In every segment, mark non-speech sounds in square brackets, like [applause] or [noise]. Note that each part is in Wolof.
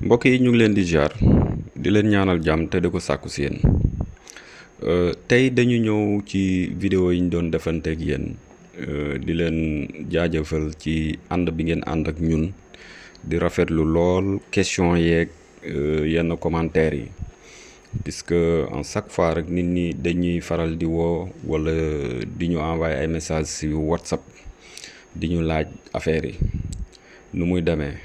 mbokk yi ñu ngi leen di jaar di leen ñaanal jàmm te di ko sàkku si yéen euh, tey dañu ñëw ci vidéo yi ñu doon defanteeg yéen euh, di leen jaajëfal ci ànd bi ngeen ànd ak ñun di rafetlu lool question yeeg euh, yenn commentaires yi puisque en chaque fois rek nit ñi dañuy faral di woo wala di ñu envoyé ay message si WhatsApp di ñu laaj affaires yi nu muy demee.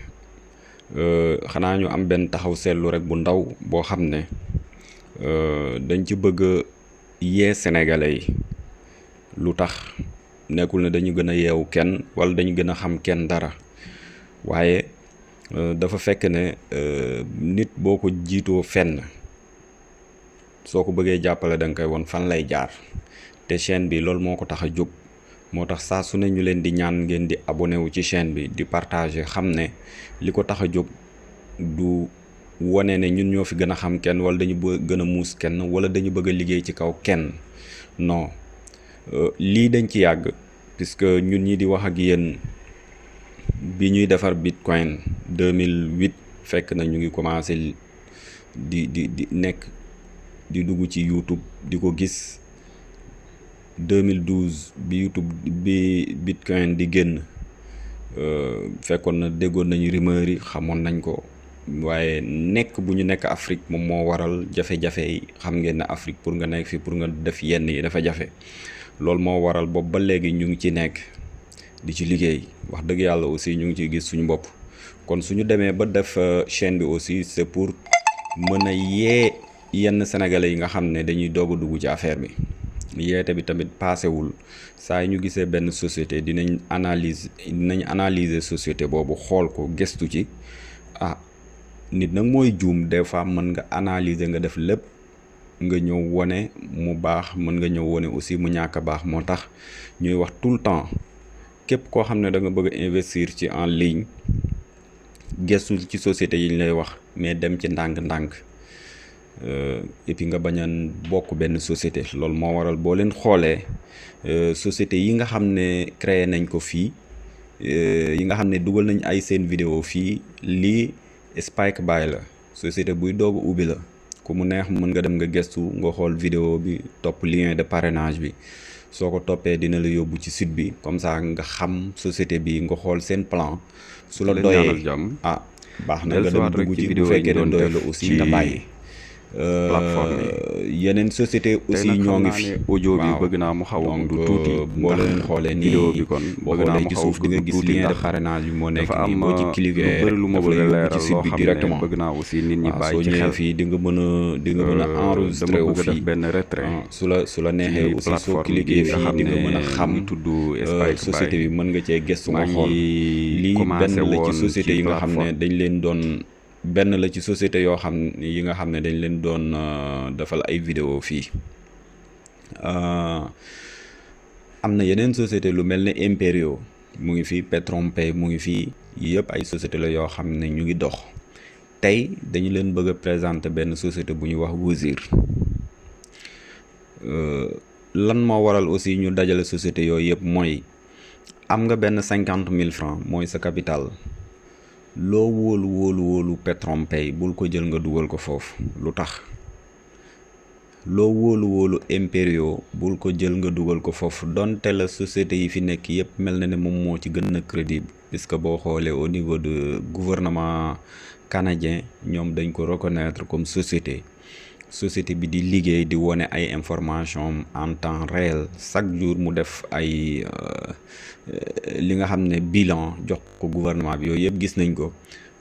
Euh, xanaa ñu am benn taxaw seetlu rek bu ndaw boo xam ne euh, dañ ci bëgg yee sénégalais yi lu tax nekkul ne dañu gën a yeewu kenn wala dañu gën a xam kenn dara waaye euh, dafa fekk ne nit boo ko jiitoo fenn soo ko bëggee jàppale da koy won fan lay jaar te chaîne bi loolu moo ko tax a jóg. moo tax saa su ne ñu leen di ñaan ngeen di abonné wu ci chaîne bi di partager xam ne li ko tax a jóg du wone ne ñun ñoo fi gën a xam kenn wala dañu bëgg gën a muus kenn wala dañu bëgg a liggéey ci kaw kenn no euh, lii dañ ci yàgg puisque ñun ñi di wax ak yéen bi ñuy defar bitcoin 2008 fekk na ñu ngi commencé di di di nekk di dugg ci YouTube di ko gis 2012 bi YouTube bi Bitcoin di génn euh, fekkoon na déggoon nañu rumeur yi xamoon nañ ko waaye nekk bu ñu nekk Afrique moom moo waral jafe-jafe yi xam ngeen ne Afrique pour nga nekk fii pour nga def yenn yi dafa jafe loolu moo waral boobu ba léegi ñu ngi ci nekk di ci liggéey wax dëgg yàlla aussi ñu ngi ci gis suñu bopp kon suñu demee ba def euh, chaîne bi aussi c'est pour mën a yee yenn sénégalais yi nga xam ne dañuy doog dugg ci affaire bi. yeete bi tamit paasewul saa yi ñu gisee benn société dinañ analyse dinañ analyser société boobu xool ko gëstu ci ah nit nag mooy juum des fois mën nga analyser nga def lépp nga ñëw wone mu baax mën nga ñëw wone aussi mu ñàkk a baax moo tax ñuy wax tout le temps képp koo xam ne da nga bëgg investir ci en ligne gëstu ci société yi ñu lay wax mais dem ci ndànk-ndànk Euh, et puis nga bañaan bokk benn société loolu moo waral boo leen xoolee euh, société yi nga xam ne créé nañ ko fii euh, yi nga xam ne dugal nañ ay seen vidéo fii lii Spike Bay la société buy doog ubbi la ku mu neex mën nga dem nga gëstu nga xool vidéo bi topp lien de parrainage bi soo ko toppee dina la yóbbu ci site bi comme ça nga xam société bi nga xool seen plan su la doyee ah baax na nga dem dugg ci bu fekkee ne doy la aussi nga bàyyi plateforme yi euh, yeneen société aussi ñoo ngi fi audio bi bëgg naa mu xaw a gudd tuuti euh, boo leen xoolee nii vidéo bi kon boo xoolee ci suuf di nga gis lien moo nekk nii boo lu ma bëgg a leeral ci site bi directement bëgg naa aussi nit ñi bàyyi ci xel fii di nga mën a di nga euh, fii benn retrait ah, su la su la neexee aussi soo cliquer fii di nga mën a xam tudd société bi mën nga cee gëstu nga xool lii benn la ci société yi nga xam ne dañ leen doon benn la ci société yoo xam yi nga xam ne dañ leen doon euh, defal ay vidéo fii euh, am na yeneen société lu mel ni Imperio mu ngi fii Petronpay mu ngi fii yëpp ay société la yoo xam ne ñu ngi dox tey dañu leen bëgg a présenter benn société bu ñuy wax Wozur euh, lan moo waral aussi ñu dajale société yooyu yëpp mooy am nga benn cinquante mille francs mooy sa capital loo wóolu wóolu wóolu Petron Pay bul ko jël nga dugal ko foofu lu tax loo wóolu wóolu Imperio bul ko jël nga dugal ko foofu donte la société yi fi nekk yépp mel na ne moom moo ci gën a crédible puisque boo xoolee au niveau de gouvernement canadien ñoom dañ ko reconnaître comme société société bi di liggéey di wone ay information en temps réel chaque jour mu def ay euh, li nga xam ne bilan jox ko gouvernement bi yooyu yëpp gis nañ ko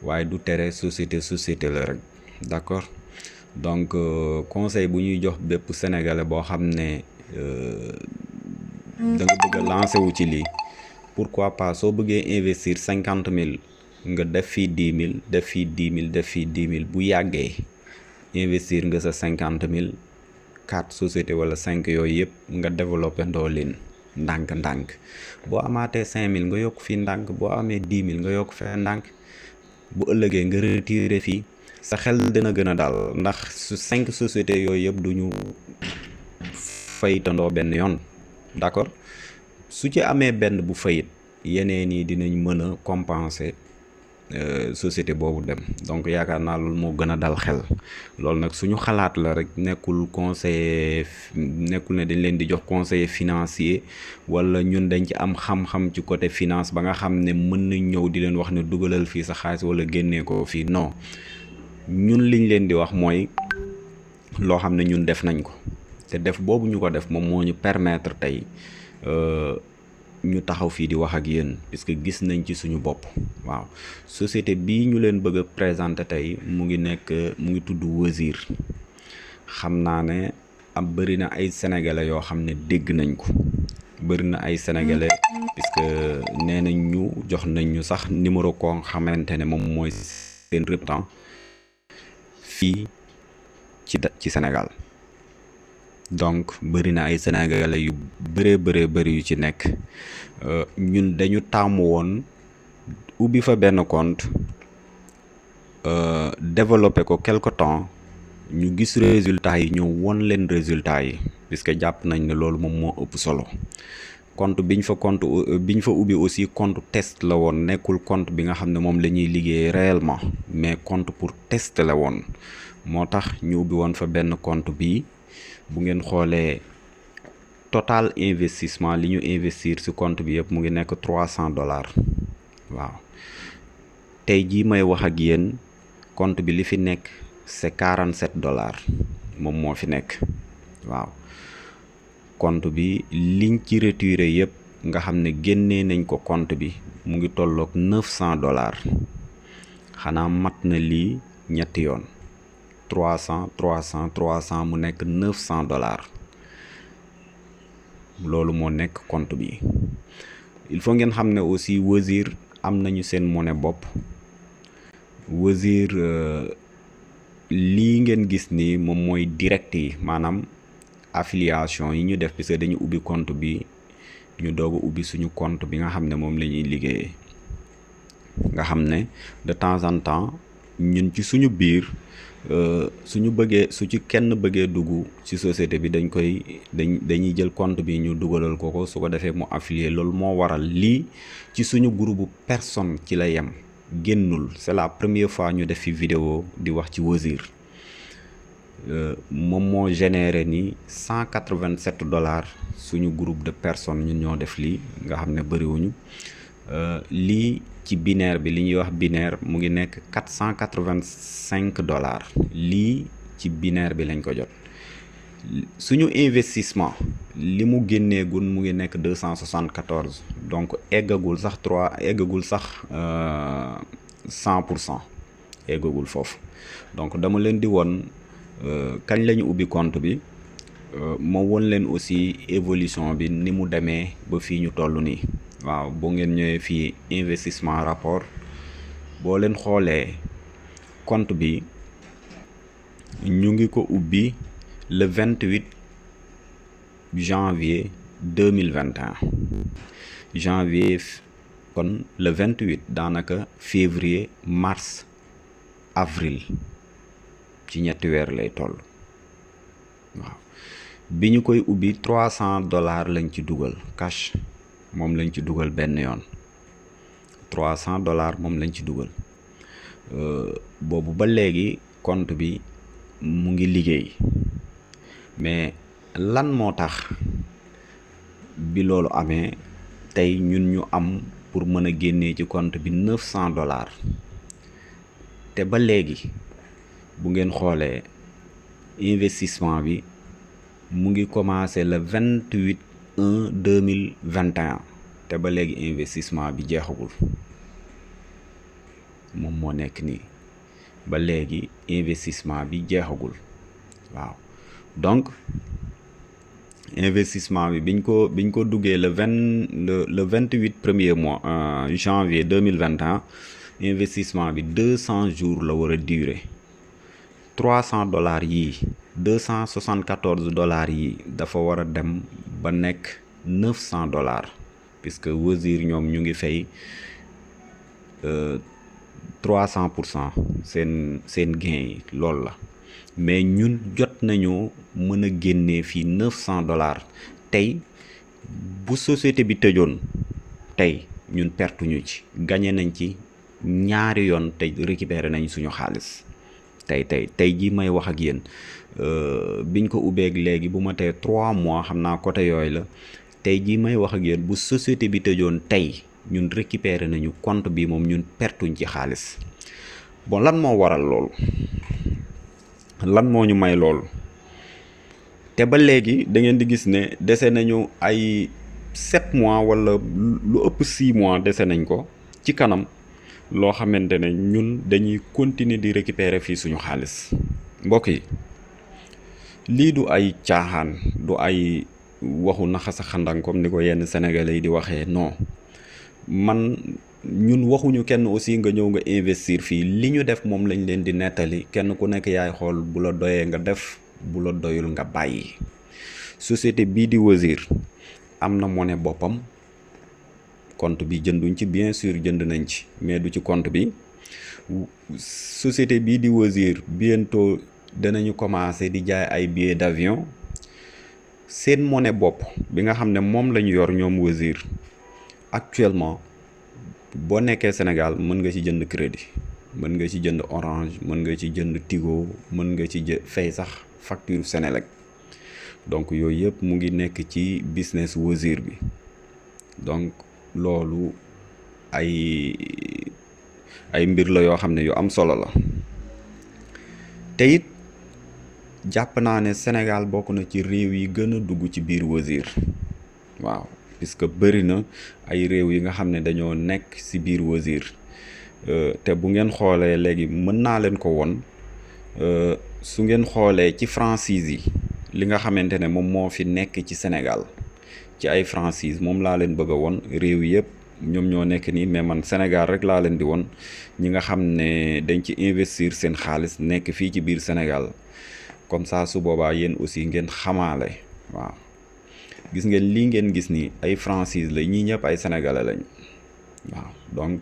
waaye du tere société société la rek d'accord donc euh, conseil bu ñuy jox bépp sénégalais boo xam ne euh, da nga bëgg a lancé wu ci lii pourquoi pas soo bëggee investir cinquante mille nga def fii dix mille def fii dix mille def fii dix mille bu yàggee investir nga sa cinquante mille quatre société wala cinq yooyu yëpp nga développé ndoo leen ndànk-ndànk boo amaatee cinq mille nga yokk fii ndànk boo amee dix mille nga yokk fee ndànk bu ëllëgee nga retiré fii sa xel dina gën a daal ndax su cinq société yooyu yëpp duñu faytandoo benn yoon d'accord su ci amee benn bu fayit yeneen yi dinañ mën a compenser Euh, société boobu dem donc yaakaar naa loolu moo gën a dal xel loolu nag suñu xalaat la rek nekkul conseiller nekkul ne dañ leen di jox conseiller financier wala ñun dañ ci am xam-xam ci côté finance ba nga xam ne mën nañ ñëw di leen wax ne dugalal fii sa xaalis wala génnee ko fii non ñun liñ leen di wax mooy loo xam ne ñun def nañ ko te def boobu ñu ko def moom moo ñu permettre tey euh, ñu taxaw fii di wax ak yéen puisque gis nañ ci suñu bopp waaw société bii ñu leen bëgg a tey mu ngi nekk mu ngi tudd wasir xam naa ne am bëri na ay sénégalais yoo xam ne dégg nañ ko bëri na ay sénégalais puisque nee nañ ñu jox nañ ñu sax numéro ko nga xamante ne moom mooy seen représentant fii ci ci Sénégal. donc bëri na ay sénégal yu bëree bëree bëri yu ci nekk euh, ñun dañu tàmm woon ubbi fa benn compte euh, développé ko quelque temps ñu gis résultats yi ñëw won leen résultats yi puisque jàpp nañ ne loolu moom moo ëpp solo compte biñ fa compte biñ fa ubbi aussi compte test la woon nekkul compte bi nga xam ne moom la ñuy liggéey réellement mais compte pour test la woon moo tax ñu ubbi woon fa benn compte bii bu ngeen xoolee total investissement li ñu investir ci compte bi yëpp mu ngi nekk trois cent dollars waaw tey jii may wax ak yéen compte bi li fi nekk c'est quarante sept dollars moom moo fi nekk waaw compte bi liñ ci retiré yëpp nga xam ne génnee nañ ko compte bi mu ngi tolloog neuf cent dollars xanaa mat na lii ñetti yoon. trois cent trois cent trois cent mu nekk neuf cent dollars loolu moo nekk compte bi il faut ngeen xam ne aussi Wozur am nañu seen monnaie bopp Wozur euh, li ngeen gis ni moom mooy direct yi maanaam affiliation yi ñu def parce dañu ubbi compte bi ñu doog ubbi suñu compte bi nga xam ne moom la ñuy liggéeyee nga xam ne de temps en temps ñun ci suñu biir Euh, su ñu bëggee su ci kenn bëggee dugg ci société bi dañ koy dañ dañuy jël compte bi ñu dugalal ko ko su ko defee mu affilié loolu moo waral lii ci suñu groupe personne ci la yem génnul c'est la première fois ñu def fi vidéo di wax ci Wozur euh, moom moo généré ni cent quatre-vingt-sept dollars suñu groupe de personne ñun ñoo def lii nga xam ne bëriwuñu euh, lii ci binaire bi li ñuy wax binaire mu ngi nekk quatre cent quatre vingt cinq dollars lii ci binaire bi lañ ko jot suñu investissement li mu génnee gun mu ngi nekk deux cent soixante quatorze donc eggagul sax trois eggagul sax euh, cent pour cent eggagul foofu donc dama leen di woon euh, kañ lañu ubbi compte bi euh, ma won leen aussi évolution bi ni mu demee ba fii ñu toll nii. waaw boo ngeen ñëwee fii investissement rapport boo leen xoolee compte bi ñu ngi ko ubbi le vingt huit janvier deux mille vingt et un janvier kon le vingt huit daanaka février mars avril ci ñetti weer lay toll waaw bi ñu koy ubbi trois cent dollars lañ ci dugal cash. moom lañ ci dugal benn yoon trois cent dollars moom lañ ci dugal euh, boobu ba léegi compte bi mu ngi liggéey mais lan moo tax bi loolu amee tey ñun ñu am pour mën a génnee ci compte bi neuf cent dollars te ba léegi bu ngeen xoolee investissement bi mu ngi commencé le vingt huit un mille vingt et te ba léegi investissement bi jeexagul moom moo nekk nii ba léegi investissement bi jeexagul waaw donc investissement bi biñ ko biñ ko duggee le vingt le le vingt huit premier mois euh, janvier deux mille vingt et investissement bi deux cent jours la war a durer trois cent dollars yii deux cent soixante quatorze dollars yi dafa war a dem ba nekk neuf cent dollars puisque Wozur ñoom ñu ngi fay euh, trois cent pour cent seen seen gain yi loolu la mais ñun jot nañoo mën a génne fii neuf cent dollars tey bu société bi tëjoon tey ñun pertuñu ci gagné nañ ci ñaari yoon te récupéré nañ suñu xaalis tey tey tey jii may wax ak yéen Euh, biñ ko ubbeeg léegi bu ma tee trois mois xam naa côté yooyu la tey jii may wax ak yéen bu société bi tëjoon tey ñun récupérer nañu compte bi moom ñun pertuñ ci xaalis bon lan moo waral lool lan moo ñu may loolu te ba léegi da ngeen di gis ne dese nañu ay sept mois wala lu ëpp six mois dese nañ ko ci kanam loo xamante ne ñun dañuy continuer di récupérer fii suñu xaalis mbokk yi. lii du ay caaxaan du ay waxu naxasa xandang comme ni ko yenn sénégalais yi di waxee non man ñun waxuñu kenn aussi nga ñëw nga investir fii li ñu def moom lañ leen di nettali kenn ku nekk yaay xool bu la doyee nga def bu la doyul nga bàyyi société bii di Wozur am na monnaie boppam kont bi jënduñ ci bien sûr jënd nañ ci mais du ci compte bi société bii di Wozur bientôt danañu commencé di jaay ay billets d'avion seen mone bopp bi nga xam ne moom la ñu yor ñoom Wazir actuellement boo nekkee Sénégal mën nga ci jënd crédit mën nga ci jënd orange mën nga ci jënd tigo mën nga ci jë sax facture Senelec donc yooyu yëpp mu ngi nekk ci business Wazir bi donc loolu ay ay mbir la yoo xam ne yu am solo la te jàpp naa ne Sénégal bokk na ci réew yi gën a dugg ci biir wasir waaw puisque bëri na ay réew yi nga xam ne dañoo nekk si biir wasir euh, te bu ngeen xoolee léegi mën naa leen ko won euh, su ngeen xoolee ci franchise yi li nga xamante ne moom moo fi nekk ci Sénégal ci ay franchise moom laa leen bëgg woon réew yëpp ñoom ñoo nekk nii mais man Sénégal rek laa leen di woon ñi nga xam ne dañ ci investir seen xaalis nekk fii ci biir Sénégal comme saa su boobaa yéen aussi ngeen xamaale waaw gis ngeen lii ngeen gis nii ay français la ñii ñëpp ay sénégalais lañ waaw donc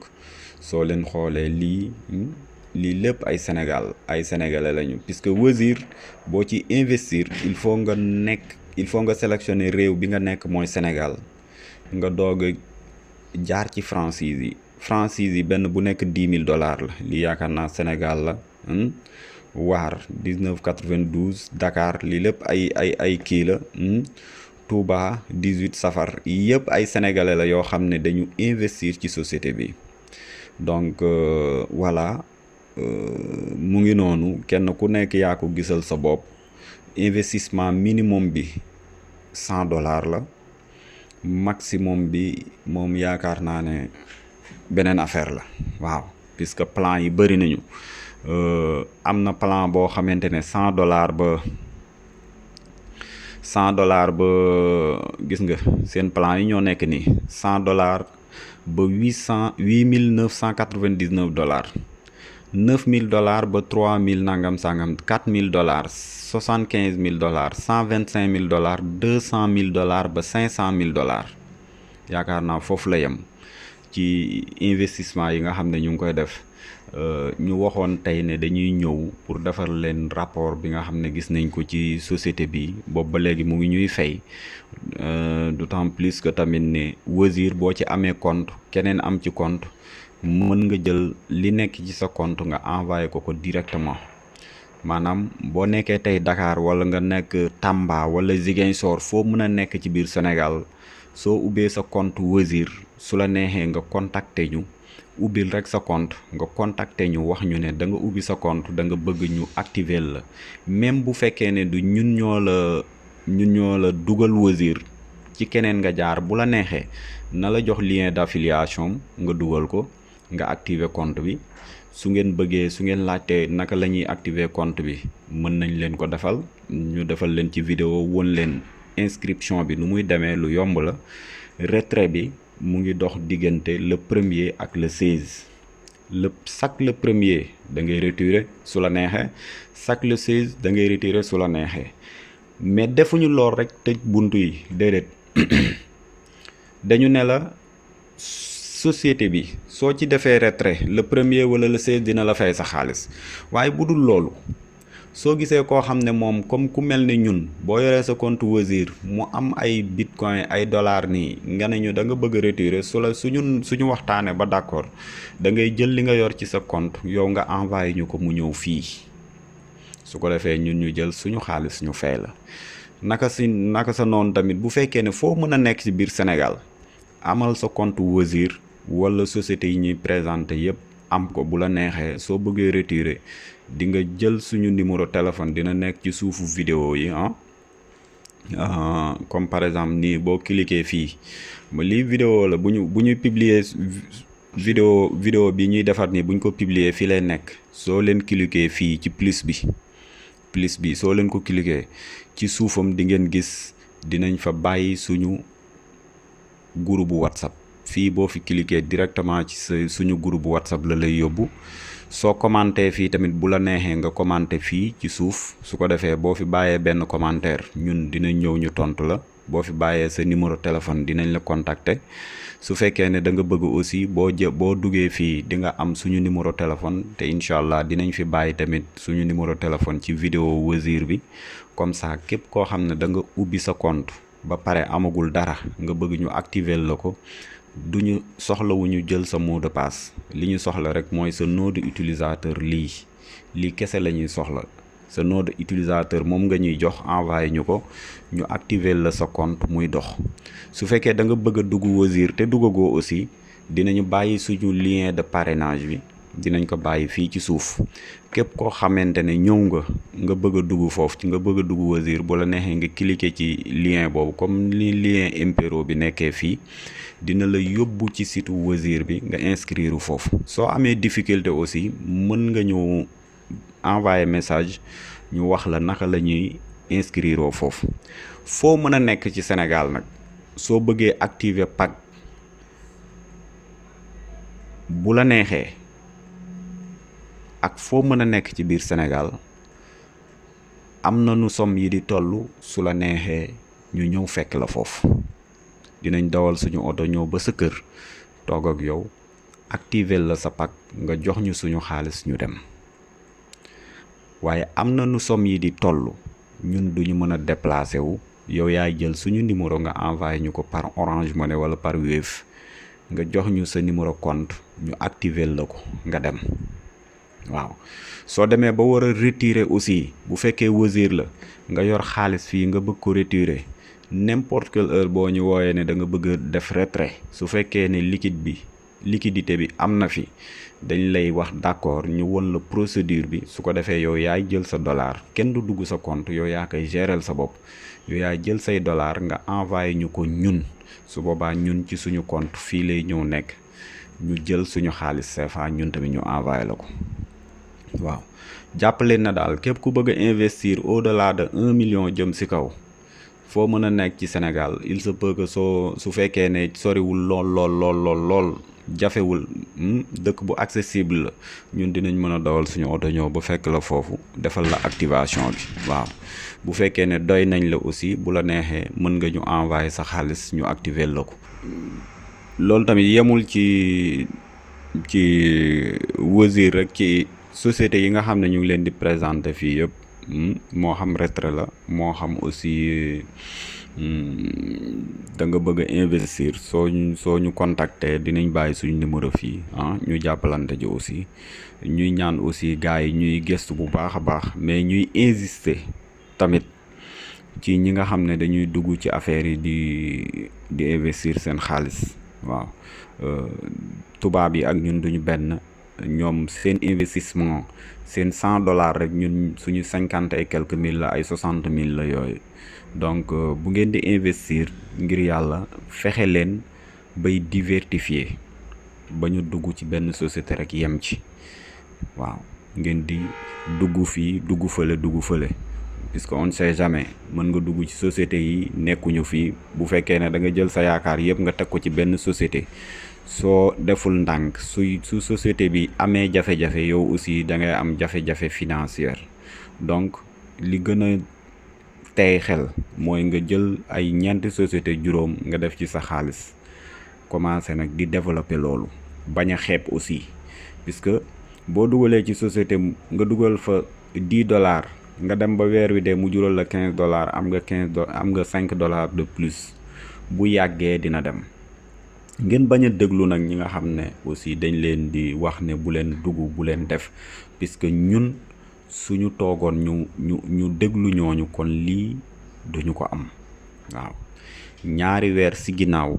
soo leen xoolee lii hmm, lii lépp ay Sénégal ay sénégalais lañu puisque wasir boo ci investir il faut nga nekk il faut nga sélectionner réew bi nga nekk mooy senegal nga doog a jaar ci franchise yi franchise yi benn bu nekk dix mille dollars la lii yaakaar naa senegal la. Hmm. waar 1992 Dakar lii lépp ay ay ay kii la hmm? Touba 18 safar yëpp ay sénégalais la yoo xam ne dañu investir ci société bi donc euh, euh, mu ngi noonu kenn ku nekk yaa ko gisal sa bopp investissement minimum bi cent dollars la maximum bi moom yaakaar naa ne beneen affaire la waaw puisque plan yi bëri nañu. Euh, am na plan boo xamante ne cent dollars ba cent dollars ba gis nga seen plan yi ñoo nekk ni cent dollars ba huit cent huit mille neuf cent quatre-vingt-dix-neuf dollars neuf mille dollars ba trois mille nangam sangam quatre mille dollars soixante quinze mille dollars cent vingt cinq mille dollars deux cent mille dollars ba cinq cent mille dollars yaakaar naa foofu la yem ci investissement yi nga xam ne ñu ngi koy def. Euh, ñu waxoon tey ne dañuy ñëw pour defar leen rapport bi nga xam ne gis nañ ko ci société bi boobu ba léegi mu ngi ñuy fay euh, temps plus que tamit ne Wozur boo ci amee compte keneen am ci compte mën nga jël li nekk ci sa compte nga envoyé ko ko directement maanaam boo nekkee tey Dakar wala nga nekk Tamba wala Ziguinchor foo mën a nekk ci biir Sénégal soo ubbee sa compte Wozur su la neexee nga contacter ñu. ubbil rek sa compte nga contacter ñu wax ñu ne danga ubbi sa compte da nga bëgg ñu activer la même bu fekkee ne du ñun ñoo la ñun ñoo dugal Wozur ci keneen nga jaar bu la neexee na la jox lien d'affiliation nga dugal ko nga activer compte bi su ngeen bëggee su ngeen laajtee naka la ñuy activer compte bi mën nañ leen ko defal ñu defal leen ci vidéo won leen inscription bi nu muy demee lu yomb la retrait bi mu ngi dox diggante le premier ak le seize le chaque le premier da ngay retirer su la neexee chaque le seize da ngay retirer su la neexee mais defuñu lool rek tëj bunt yi déedéet [coughs] dañu ne la société bi soo ci defee retrait le premier wala le seize dina la fay sa xaalis waaye bu dul loolu soo gisee koo xam ne moom comme ku mel ni ñun boo yoree sa compte Wozur mu am ay bitcoin ay dollar nii nga ñu da nga bëgg a retirer su la su suñu waxtaanee ba d'accord da ngay jël li nga yor ci sa compte yow nga envoyé ñu ko mu ñëw fii su ko defee ñun ñu jël suñu xaalis ñu fay la naka si naka sa noonu tamit bu fekkee ne foo mën a nekk ci biir Sénégal amal sa compte Wozur wala société yi ñuy présenté yépp am ko bu la neexee soo bëggee retirer. di nga jël suñu numéro téléphone dina nekk ci suufu vidéo yi ah, ah comme par exemple nii boo cliquer fii ma lii vidéo la bu ñu bu ñu publier vidéo vidéo bi ñuy defar nii buñ ko publier fii lay nekk soo leen cliquer fii ci plus bi plus bi soo leen ko cliquer ci suufam di ngeen gis dinañ fa bàyyi suñu groupe bu WhatsApp fii boo fi cliquer directement ci suñu groupe bu WhatsApp la lay yóbbu soo commenté fii tamit bu la neexee nga commenté fii ci suuf su ko defee boo fi bàyyee benn commentaire ñun dina ñëw ñu tontu la boo fi bàyyee sa numéro téléphone dinañ la contacter su fekkee ne da nga bëgg aussi boo jë boo duggee fii di nga am suñu numéro téléphone te incha allah dinañ fi bàyyi tamit suñu numéro téléphone ci vidéo Wazir bi comme ça képp koo xam ne da nga ubbi sa compte ba pare amagul dara nga bëgg ñu activer la ko du duñu soxlawuñu jël sa mot de li ñu soxla rek mooy sa nom de utilisateur lii lii kese la ñuy soxla sa nom de utilisateur moom nga ñuy jox envoyé ñu ko ñu activer la sa compte muy dox su fekkee da nga bëgg a dugg Wozur te duggagoo aussi dinañu bàyyi suñu lien de parrainage bi dinañ ko bàyyi fii ci suuf képp koo xamante ne ñëw nga nga bëgg a dugg foofu ci nga bëgg dugg Wazir bu la neexee nga cliquer ci lien boobu comme li lien impero bi nekkee fii dina la yóbbu ci site Wazir bi nga inscrire foofu soo amee difficulté aussi mën nga ñëw envoyer message ñu wax la naka la ñuy inscrire foofu foo mën a nekk ci senegal nag soo bëggee activer pack bu la neexee ak foo mën a nekk ci biir Sénégal am na nu som yi di toll su la neexee ñu ñëw fekk la foofu dinañ dawal suñu oto ñëw ba sa kër toog ak yow activel la sa pack nga jox ñu suñu xaalis ñu dem waaye am na nu somme yi di tollu ñun duñu mën a déplacer wu yow yaay jël suñu numéro nga envoyé ñu ko par Orange Money wala par Wave nga jox ñu sa numéro compte ñu activel la ko nga dem waaw soo demee ba war a aussi bu fekkee Wazir la nga yor xaalis fii nga bëgg ko retirer n'importe quelle heure boo ñu wooyee ne da nga bëgg def retrait su fekkee ne liquide bi liquidité bi am na fi dañ lay wax d'accord ñu won la procédure bi su ko defee yow yaay jël sa dollar kenn du dugg sa compte yow yaa koy gérer sa bopp yow yaay jël say dollar nga envoyé ñu ko ñun su boobaa ñun ci suñu compte fii lay ñëw nekk ñu jël suñu xaalis CFA ñun tamit ñu envoyé la ko waaw jàppale na daal képp ku bëgg a investir au delà de un million jëm si kaw foo mën a nekk ci senegal il sa peut que soo su fekkee ne soriwul lool lool lool jafewul hmm, dëkk bu accessible la ñun dinañ mën a dawal suñu oto ñëw ba fekk la foofu defal la activation bi waaw bu fekkee ne doy nañ la aussi bu la neexee mën nga ñu envoyer sa xaalis ñu activer la ko loolu tamit yemul ci ci euh, Wozur rek ci société yi nga xam ne ñu ngi leen di présenter fii yëpp hmm, moo xam retrait la moo xam aussi hmm, da nga bëgg a investir soo ñu soo ñu contacter dinañ bàyyi suñu numéro fii ah ñu jàppalante ji aussi ñuy ñaan aussi gars yi ñuy gëstu bu baax a baax mais ñuy insister tamit ci ñi nga xam ne dañuy dugg ci affaire yi di di investir seen xaalis waaw euh, tubaab yi ak ñun duñu benn. ñoom seen investissement seen cent dollars rek ñun suñu cinquante ay quelques mille la ay soixante mille la yooyu donc euh, bu ngeen di investir ngir yàlla fexe leen bay diversifier bañu dugg ci benn société rek yem ci waaw ngeen di dugg fii dugg fële dugg fële puisque on ne jamais mën nga dugg ci société yi nekkuñu fii bu fekkee ne da nga jël sa yaakaar yëpp nga teg ko ci benn société soo deful ndànk suy su société bi amee jafe-jafe yow aussi da ngay am jafe-jafe financière donc li gën a tey xel mooy nga jël ay ñeenti société juróom nga def ci sa xaalis commencé nag di développer loolu bañ a aussi aussi que boo dugalee ci société nga dugal fa 10 dollars nga dem ba weer wi dee mu jural la 15 dollars am nga 15 do nga 5 dollars de plus bu yàggee dina dem. ngeen bañ a déglu nag ñi nga xam ne aussi dañ leen di wax ne bu leen dugg bu leen def puisque ñun suñu toogoon ñu ñu ñu déglu ñooñu kon lii duñu ko am waaw ñaari weer si ginnaaw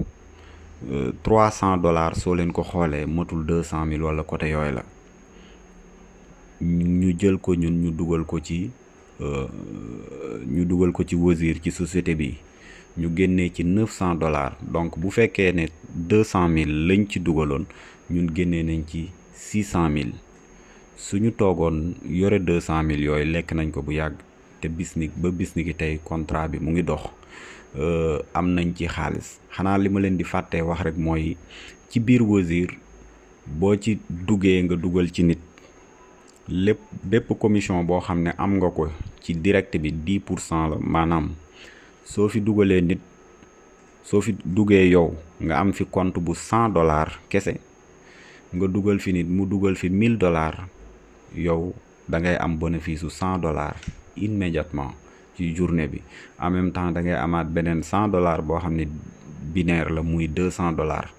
euh, trois cent dollars soo leen ko xoolee motul deux cent mille wala côté yooyu la ñu jël ko ñun ñu dugal ko ci euh, ñu dugal ko ci Wozur ci société bi ñu génnee ci neuf cent dollars donc bu fekkee ne deux cent mille lañ ci dugaloon ñun génnee nañ ci six cent mille suñu toogoon yore deux cent mille yooyu lekk nañ ko bu yàgg te bis ba bis tey contrat bi mu ngi dox euh, am nañ ci xaalis xanaa li ma leen di fàttee wax rek mooy ci biir Wozur boo ci duggee nga dugal ci nit lépp bépp commission boo xam ne am nga ko ci direct bi dix pour cent la maanaam soo fi dugalee nit soo fi dugee yow nga am fi compte bu cent dollars kese nga dugal fi nit mu dugal fi mille dollars yow da ngay am bénéfice su cent dollars immédiatement ci journée bi en même temps da ngay amaat beneen cent dollars boo xam ni binaire la muy deux cent dollars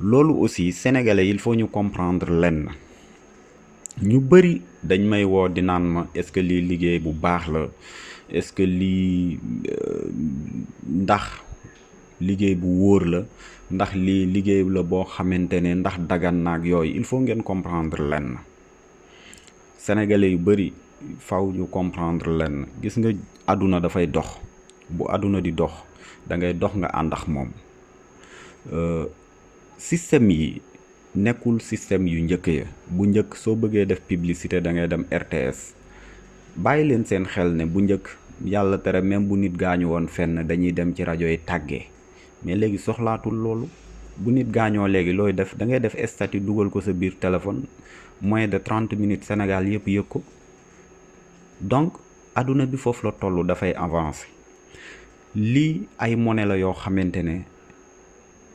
loolu aussi sénégalais il faut ñu comprendre lenn ñu bëri dañ may woo di naan ma est-ce que lii liggéey bu baax la. est-ce que lii euh, ndax liggéey bu wóor la ndax lii liggéey la boo xamante ne ndax dagan naag yooyu il faut ngeen comprendre lenn sénégalais yu bëri faw ñu comprendre lenn gis nga àdduna dafay dox bu àdduna di dox da ngay dox nga àndax ak moom euh, système yi nekkul système yu njëkk ya bu njëkk soo bëggee def publicité da ngay dem RTS bàyyi leen seen xel ne bu njëkk yàlla tere même bu nit gaañu woon fenn dañuy dem ci rajo yi tàggee mais léegi soxlaatul loolu bu nit gaañoo léegi looy def da ngay def statut dugal ko sa biir téléphone moins de trente minutes senegal yëpp yëg ko donc adduna bi foofu la tollu dafay avancer lii ay monnaie la yoo xamante ne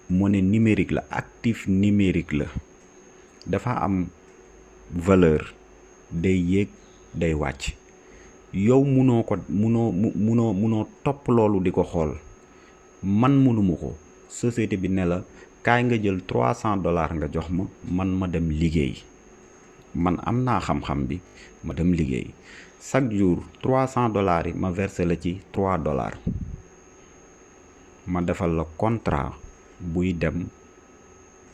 monnaie numérique la actif numérique la dafa am valeur day yéeg day wàcc yow mënoo ko mënoo mu munoo topp loolu di ko xool man mënuma ko société bi ne la kaay nga jël trois cent dollars nga jox ma man ma dem liggéey man am naa xam-xam bi ma dem liggéey chaque jour trois cent dollars yi ma versé la ci trois dollars ma defal la contrat buy dem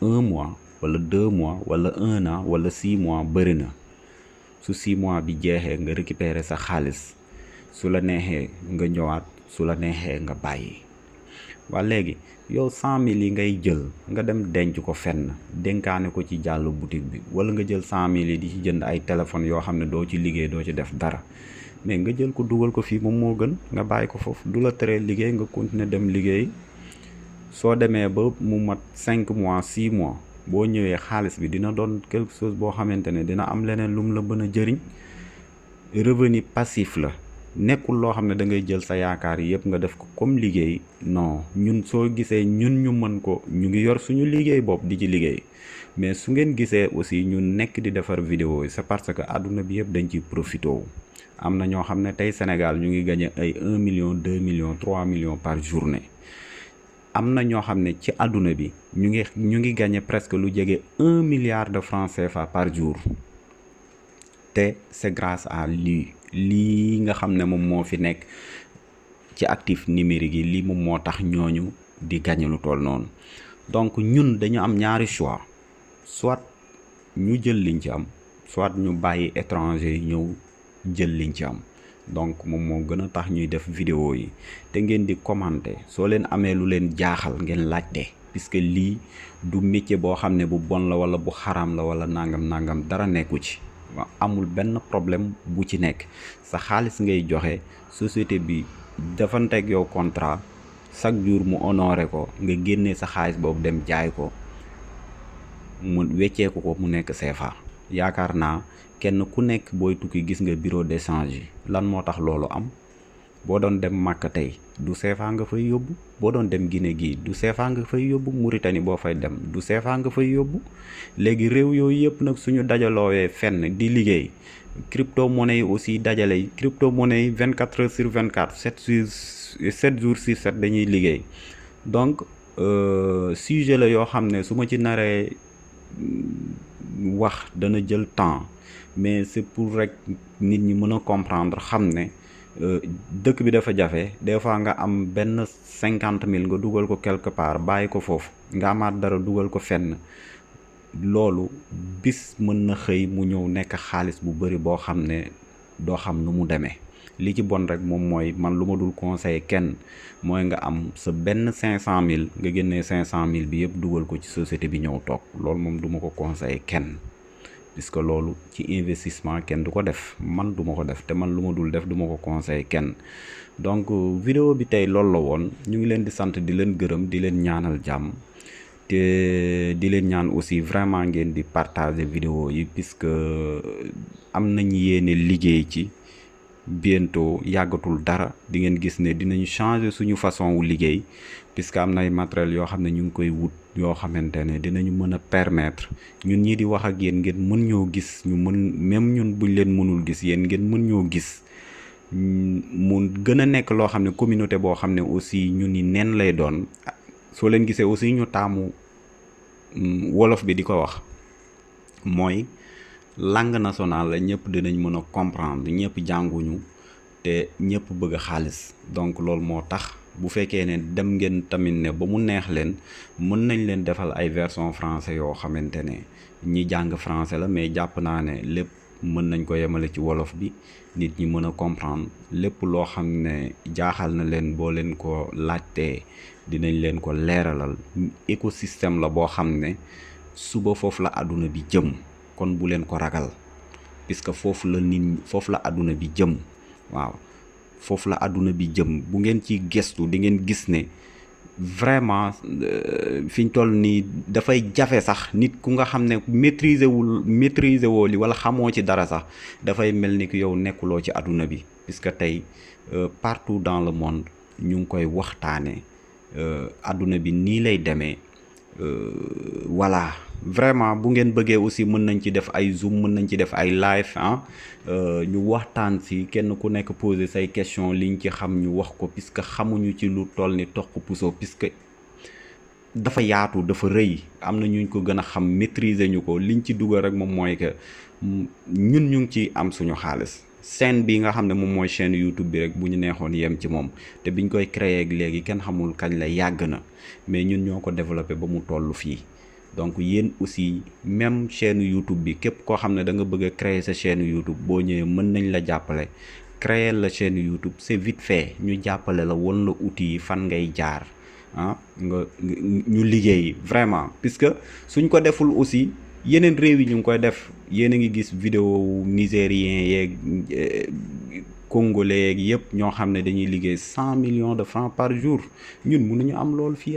un mois wala deux mois wala un an wala six mois bëri na su six mois bi jeexee nga récupérer sa xaalis su la neexee nga ñëwaat su la neexee nga bàyyi waa léegi yow cent mille yi ngay jël nga dem denc ko fenn dénkaane ko ci jàll boutique bi wala nga jël cent mille yi di ci jënd ay téléphone yoo xam ne doo ci liggéey doo ci def dara mais nga jël ko dugal ko fii moom moo gën nga bàyyi ko foofu du la tere liggéey nga continuer dem liggéey soo demee ba mu mat cinq mois six mois boo ñëwee xaalis bi dina doon quelque chose boo xamante ne dina am leneen lum la mën a jëriñ revenu passif la nekkul loo xam ne dangay jël sa yaakaar yëpp nga def ko comme liggéey non ñun soo gisee ñun ñu mën ko ñu ngi yor suñu liggéey bopp di ci liggéey mais su ngeen gisee aussi ñun nekk di defar vidéo yi c'est parce que àdduna bi yëpp dañu ciy profité wu am na ñoo xam ne tey Sénégal ñu ngi gagné ay 1 million 2 million trois million par journée am na ñoo xam ne ci àdduna bi ñu ngi ñu ngi gagné presque lu jege un milliard de francs CFA par jour te c'est grace à lui lii nga xam ne moom moo fi nekk ci actif numérique yi lii moom moo tax ñooñu di gagné lu tool noonu donc ñun dañu am ñaari choix soit ñu jël liñ ci am soit ñu bàyyi étranger yi ñëw jël liñ ci am donc moom moo gën a tax ñuy def vidéo yi te ngeen di commenter soo leen amee lu leen jaaxal ngeen laajte puisque lii du métier boo xam ne bu bon la wala bu xaraam la wala nangam nangam dara nekku ci waaw amul benn problème bu ci nekk sa xaalis ngay joxe société bi defanteeg yow contrat chaque jour mu honoré ko nga génnee sa xaalis boobu dem jaay ko mu wecceeku ko mu nekk CFA yaakaar naa kenn ku nekk booy tukki gis nga bureau d'échange yi lan moo tax loolu am boo doon dem Màkka tey du CFA nga fay yóbbu boo doon dem gine gii du CFA nga fay yóbbu Mauritanie boo fay dem du CFA nga fay yóbbu léegi réew yooyu yëpp nag suñu dajaloowee fenn di liggéey crypto monnaie yi aussi dajale crypto monnaie yi 24 heures sur 24 7 sur 7 jours sur 7 dañuy liggéey donc euh, sujet la yoo xam ne su ma ci naree mm, wax dana jël temps. mais c'est pour rek nit ñi mën a comprendre xam ne euh, dëkk bi dafa jafe des fois nga am benn cinquante mille nga dugal ko quelque part bàyyi ko foofu nga amaat dara dugal ko fenn loolu bis mën na xëy mu ñëw nekk xaalis bu bëri boo xam ne doo xam nu mu demee li ci bon rek moom mooy man lu ma dul conseiller kenn mooy nga am sa benn cinq cent mille nga génnee cinq cent mille bi yëpp dugal ko ci société bi ñëw toog loolu moom du ma ko conseiller kenn puisque loolu ci investissement kenn du ko def man du ma ko def te man lu ma dul def du ma ko conseil kenn donc euh, vidéo bi tey loolu la woon ñu ngi leen di sant di leen gërëm di leen ñaanal jàmm te di leen ñaan aussi vraiment ngeen di partager vidéo yi puisque euh, am nañ yéene liggéey ci bientôt yàggatul dara di ngeen gis ne dinañ changer suñu façon wu liggéey puisque am na ay matériel yoo xam ne ñu ngi koy wut yoo xamante ne dinañu mën a permettre ñun ñii di wax ak yéen ngeen mën ñoo gis ñu mën même ñun buñ leen mënul gis yéen ngeen mën ñoo gis mu gën a nekk loo xam ne communauté boo xam ne aussi ñu ni nen lay doon soo leen gisee aussi ñu taamu mm, wolof bi di ko wax mooy langue national la ñëpp dinañ mën a comprendre ñëpp jànguñu te ñëpp bëgg xaalis donc loolu moo tax bu fekkee ne dem ngeen tamit ne ba mu neex leen mën nañ leen defal ay version français yoo xamante ne ñi jàng français la mais jàpp naa ne lépp mën nañ ko yemale ci wolof bi nit ñi mën a comprendre lépp loo xam ne jaaxal na leen boo leen ko laajtee dinañ leen ko leeralal écosystème la boo xam ne suba foofu la àdduna bi jëm kon bu leen ko ragal puisque foofu la nit foofu la àdduna bi jëm waaw foofu la àdduna bi jëm bu ngeen ci gestu di ngeen gis ne vraiment euh, fi ñu toll nii dafay jafe sax nit ku nga xam ne maîtriser wul maîtriser woo li wala xamoo ci dara sax dafay mel ni ki yow nekkuloo ci àdduna bi puisque tey euh, partout dans le monde ñu ngi koy waxtaane euh, àdduna bi nii lay demee voilà vraiment bu ngeen bëggee aussi mën nañ ci def ay zoom mën nañ ci def ay live ah euh, ñu waxtaan si kenn ku nekk poser say question liñ ci xam ñu wax ko puisque xamuñu ci lu toll ni toq puso puisque dafa yaatu dafa rëy am na ñuñ ko gën a xam maîtriser ñu ko liñ ci dugal rek moom mooy que ñun ñu ngi ci am suñu xaalis chaîne bi nga xam ne moom mooy chaîne YouTube bi rek bu ñu neexoon yem ci moom te biñ koy créer ak léegi kenn xamul kañ la yàgg na mais ñun ñoo ko développé ba mu toll fii donc yéen aussi même chaîne YouTube bi képp koo xam ne da nga bëgg a créer sa chaîne YouTube boo ñëwee mën nañ la jàppale créer la chaîne YouTube c'est vite fait ñu jàppale la woon la outils yi fan ngay jaar ah nga ñu liggéey vraiment puisque suñ ko deful aussi yeneen réew yi ñu ngi koy def yéen a ngi gis vidéo nigérien yeeg eh, congolais yeeg yëpp ñoo xam ne dañuy liggéey cent million de francs par jour ñun ñu am loolu fii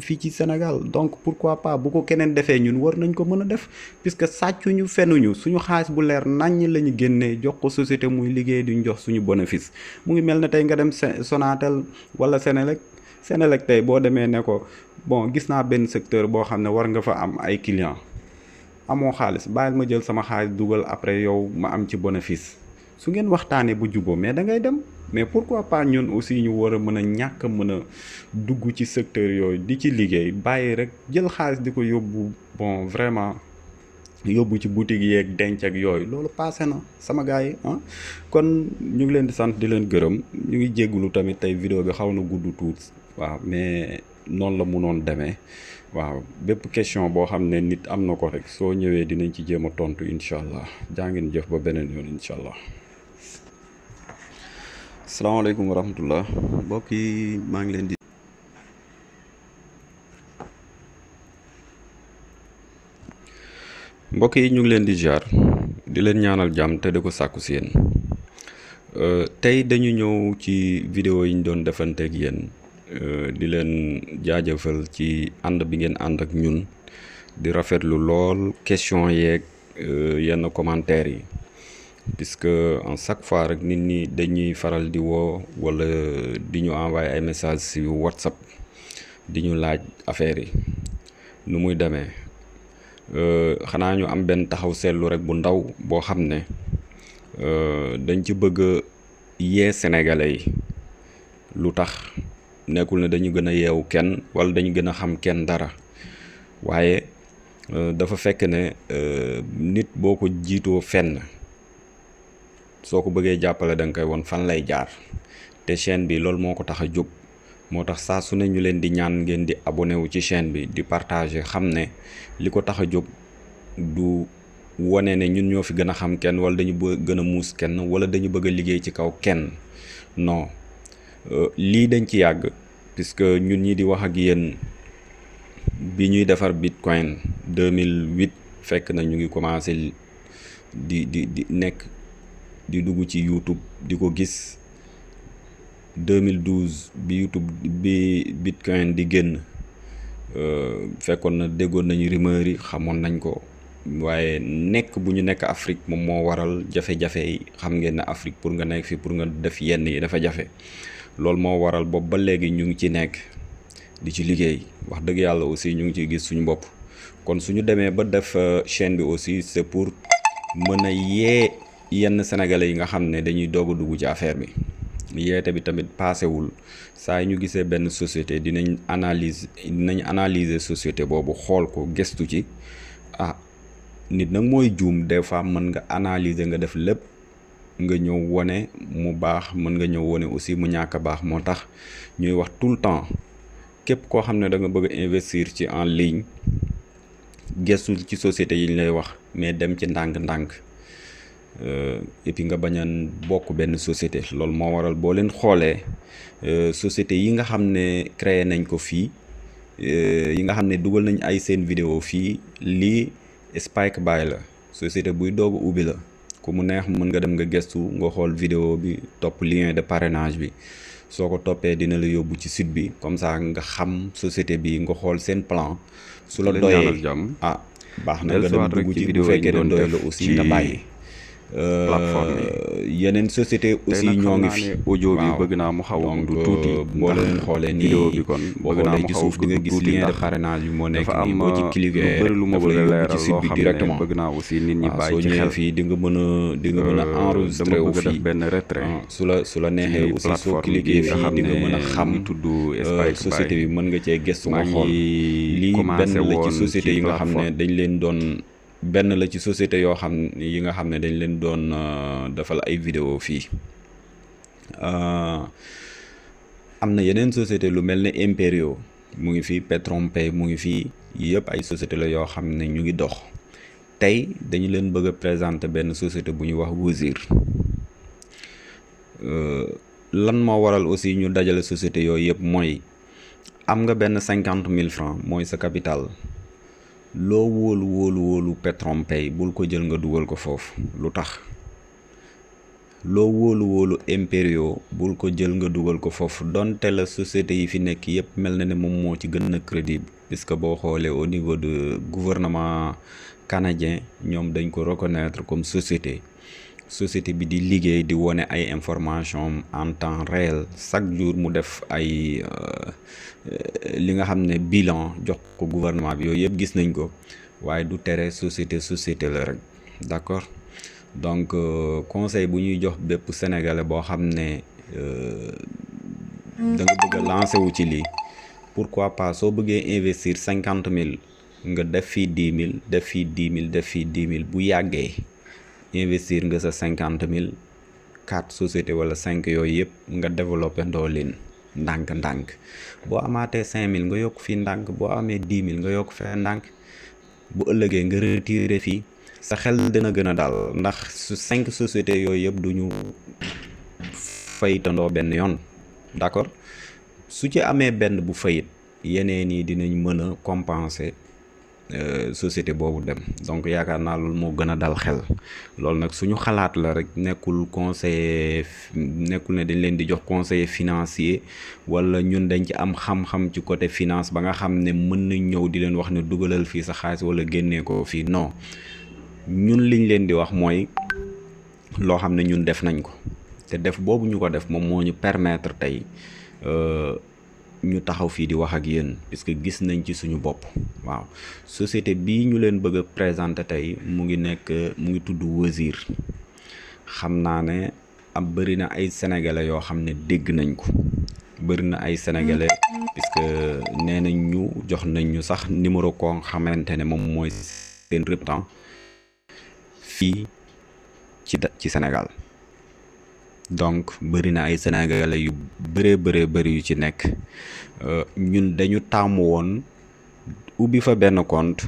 fii ci Sénégal donc pourquoi pas bu ko keneen defee ñun war nañ ko mën a def puisque sàccuñu fenuñu suñu xaalis bu leer naññ la ñu génnee jox ko société muy liggéey duñu jox suñu bénéfice mu ngi mel ne tey nga dem Sonatel wala Senelec Senelec tey boo demee ne ko bon gis naa benn secteur boo xam ne war nga fa am ay clients amoo xaalis bàyyil ma jël sama xaalis dugal après yow ma am ci bénéfice su ngeen waxtaanee bu jubo mais da ngay dem mais pourquoi pas ñun aussi ñu war a mën a ñàkk mën a dugg ci secteur yooyu di ci liggéey bàyyi rek jël xaalis di ko yóbbu bon vraiment yóbbu ci boutique yeeg denc ak yooyu loolu passé na sama gars yi ah kon ñu ngi leen di sant di leen gërëm ñu ngi jéggulu tamit tey video bi xaw na gudd tuut waaw mais noonu la munoon demee waaw bépp question boo xam ne nit am na ko rek soo ñëwee dinañ ci jéem a tontu incha allah jaa ngeen jëf ba beneen yoon allah. salaamaaleykum wa rahmatullah mbokk yi maa ngi leen di mbokk yi ñu ngi leen di jaar di leen ñaanal jàmm te di ko sàkku si yéen euh, tey dañu ñëw ci vidéo yi ñu doon defanteeg yéen euh, di leen jaajëfal ci ànd bi ngeen ànd ak ñun di rafetlu lool question yeeg euh, yenn commentaire yi puisque en chaque fois rek nit ñi dañuy faral di woo wala di ñu envoyé ay message si WhatsApp di ñu laaj affaire yi nu muy demee euh, xanaa ñu am benn taxaw seetlu rek bu ndaw boo xam ne euh, dañ ci bëgg a yee sénégalais yi lu tax nekkul ne dañu gën a yeewu kenn wala dañ gën a xam kenn dara waaye euh, dafa fekk ne nit boo ko jiitoo fenn soo ko bëggee jàppale da nga koy woon fan lay jaar te chaîne bi loolu moo ko tax a jóg moo tax saa su ne ñu leen di ñaan ngeen di abonné wu ci chaîne bi di partager xam ne li ko tax a jóg du wane ne ñun ñoo fi gën a xam kenn wala dañu bëgg gën a muus kenn wala dañu bëgg a liggéey ci kaw kenn no euh, lii dañ ci yàgg puisque ñun ñi di wax ak yéen bi ñuy defar bitcoin 2008 fekk na ñu ngi commencé di di di nekk. di dugg ci YouTube di ko gis 2012 bi YouTube bi Bitcoin di génn euh, fekkoon na déggoon nañu rumeur yi xamoon nañ ko waaye nekk bu ñu nekk Afrique moom moo waral jafe-jafe yi xam ngeen ne Afrique pour nga nekk fii pour nga def yenn yi dafa jafe loolu moo waral bopp ba léegi ñu ngi ci nekk di ci liggéey wax dëgg yàlla aussi ñu ngi ciy gis suñu bopp kon suñu demee ba def euh, chaîne bi aussi c'est pour mën a yee yenn sénégalais yi nga xam ne dañuy doog a dugg ci affaire bi yeete bi tamit paasewul saa yi ñu gisee benn société dinañ analyse dinañ analyser société boobu xool ko gëstu ci ah nit nag mooy juum des fois mën nga analyser nga def lépp nga ñëw wone mu baax mën nga ñëw wone aussi mu ñàkk a baax moo tax ñuy wax tout le temps képp koo xam ne da nga bëgg investir ci en ligne gestu ci société yi ñu lay wax mais dem ci ndànk-ndànk. Euh, et puis nga bañ a bokk benn société loolu moo waral boo leen xoolee euh, société yi nga xam ne créé nañ ko fii euh, yi nga xam ne dugal nañ ay seen vidéo fii lii Spike Bay la société buy doog ubbi la ku mu neex mën nga dem nga gëstu nga xool video bi topp lien de parrainage bi soo ko toppee dina la yóbbu ci site bi comme ça nga xam société bi nga xool seen plan su la doyee ah baax na nga dem dugg ci bu fekkee ne doy la aussi nga bàyyi plateforme yi euh, yeneen société aussi ñoo ngi fi audio bi bëgg naa mu xaw a du euh, tuuti boo leen xoolee nii vidéo bi kon bëgg naa mu xaw a du tuuti lien moo nekk nii boo ci euh, cliquer bëri lu ma bëgg a xam ne bëgg naa aussi nit ñi bàyyi ci xel fii di nga mën a di nga mën a enregistré wu fii benn retrait ah, su la su la neexee aussi soo cliquer fii di nga mën a xam tudd société bi mën nga cee gëstu nga xool lii benn la ci société yi nga xam ne dañ leen doon benn la ci société yoo xam yi nga xam ne dañ leen doon euh, defal ay vidéo fii euh, am na yeneen société lu mel ne Imperio mu ngi fii Petronpay mu ngi fii yëpp ay société la yoo xam ne ñu ngi dox tey dañu leen bëgg a présenter benn société bu ñuy wax Wozur euh, lan moo waral aussi ñu dajale société yooyu yëpp mooy am nga benn cinquante mille francs mooy sa capital loo wóolu wóolu wóolu Petron Pay bul ko jël nga dugal ko foofu lu tax loo wóolu wóolu Imperio bul ko jël nga dugal ko foofu donte la société yi fi nekk yépp mel na ne moom moo ci gën a crédible puisque boo xoolee au niveau de gouvernement canadien ñoom dañ ko reconnaître comme société société bi di liggéey di wone ay information en temps réel chaque jour mu def ay euh, li nga xam ne bilan jox ko gouvernement bi yooyu yëpp gis nañ ko waaye du tere société société la rek d'accord donc euh, conseil bu ñuy jox bépp sénégalais boo xam ne euh, da nga bëgg wu ci lii pourquoi pas soo bëggee investir cinquante mille nga def fii dix mille def fii dix mille def fii dix mille bu yàggee investir nga sa cinquante mille quatre société wala cinq yooyu yëpp nga développé ndoo leen ndànk-ndànk boo amaatee cinq mille nga yokk fii ndànk boo amee dix mille nga yokk fee ndànk bu ëllëgee nga retiré fii sa xel dina gën a daal ndax su cinq société yooyu yëpp du ñu faytandoo benn yoon d'accord su ci amee benn bu fayit yeneen yi dinañ mën a Euh, société boobu dem donc yaakaar naa loolu moo gën a dal xel loolu nag suñu xalaat la rek nekkul conseiller nekkul ne dañ leen di jox conseiller financier wala ñun dañ ci am xam-xam ci côté finance ba nga xam ne mën nañ ñëw di leen wax ne dugalal fii sa xaalis wala génnee ko fii non ñun liñ leen di wax mooy loo xam ne ñun def nañ ko te def boobu ñu ko def moom moo ñu permettre tey euh, ñu taxaw fii di wax ak yéen que gis nañ ci suñu bopp waaw société bii ñu leen bëgg a tey mu ngi nekk mu ngi tudd wasir xam naa ne am bëri na ay sénégalais yoo xam ne dégg nañ ko bëri na ay sénégalais puisque nee nañ ñu jox nañ ñu sax numéro ko xamante ne moom mooy seen représentant fii ci ci Sénégal. donc bëri na ay sénégalais yu bëree bëree bëri yu ci nekk euh, ñun dañu tàmm woon ubbi fa benn compte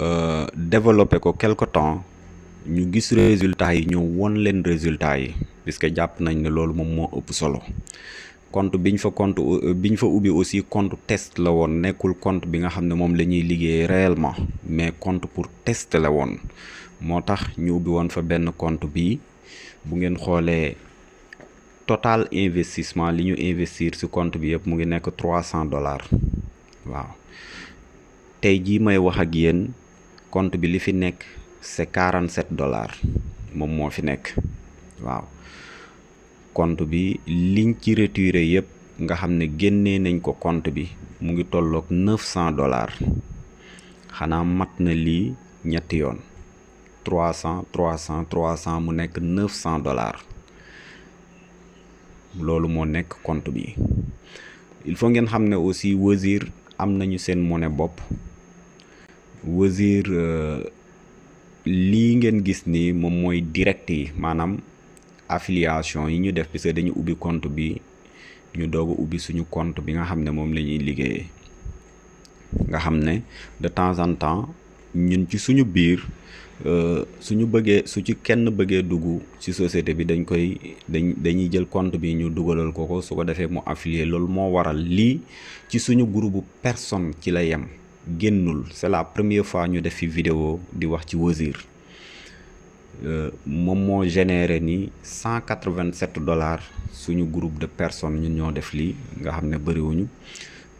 euh, développé ko quelque temps ñu gis résultats yi ñëw won leen résultats yi puisque jàpp nañ ne loolu moom moo ëpp solo compte biñ fa compte euh, biñ fa ubbi aussi conte test la woon nekkul compte bi nga xam ne moom la ñuy liggéey réellement mais compte pour test la woon moo tax ñu ubbi woon fa benn compte bi bu ngeen xoolee total investissement li ñu investir ci compte bi yëpp mu ngi nekk trois cent dollars waaw tey jii may wax ak yéen compte bi li fi nekk c'est quarante sept dollars moom moo fi nekk waaw compte bi liñ ci retiré yëpp nga xam ne génnee nañ ko compte bi mu ngi tolloog neuf cent dollars xanaa mat na lii ñetti yoon. trois cent trois cent trois cent mu nekk neuf cent dollars loolu moo nekk compte bi il faut ngeen xam ne aussi Wozur am nañu seen monnaie bopp Wozur euh, lii ngeen gis ni moom mooy direct yi maanaam affiliation yi ñu def parce que dañu ubbi compte bi ñu doog ubbi suñu compte bi nga xam ne moom la ñuy liggéeyee nga xam ne de temps en temps ñun ci suñu biir Euh, su ñu bëggee su ci kenn bëggee dugg ci société bi dañ koy dañ dañuy jël compte bi ñu dugalal ko ko su ko defee mu affilié loolu moo waral lii ci suñu groupe personne ci la yem génnul c'est la première fois ñu def fi vidéo di wax ci Wozur euh, moom moo généré ni cent quatre-vingt-sept dollars suñu groupe de personne ñu ñoo def lii nga xam ne bëriwuñu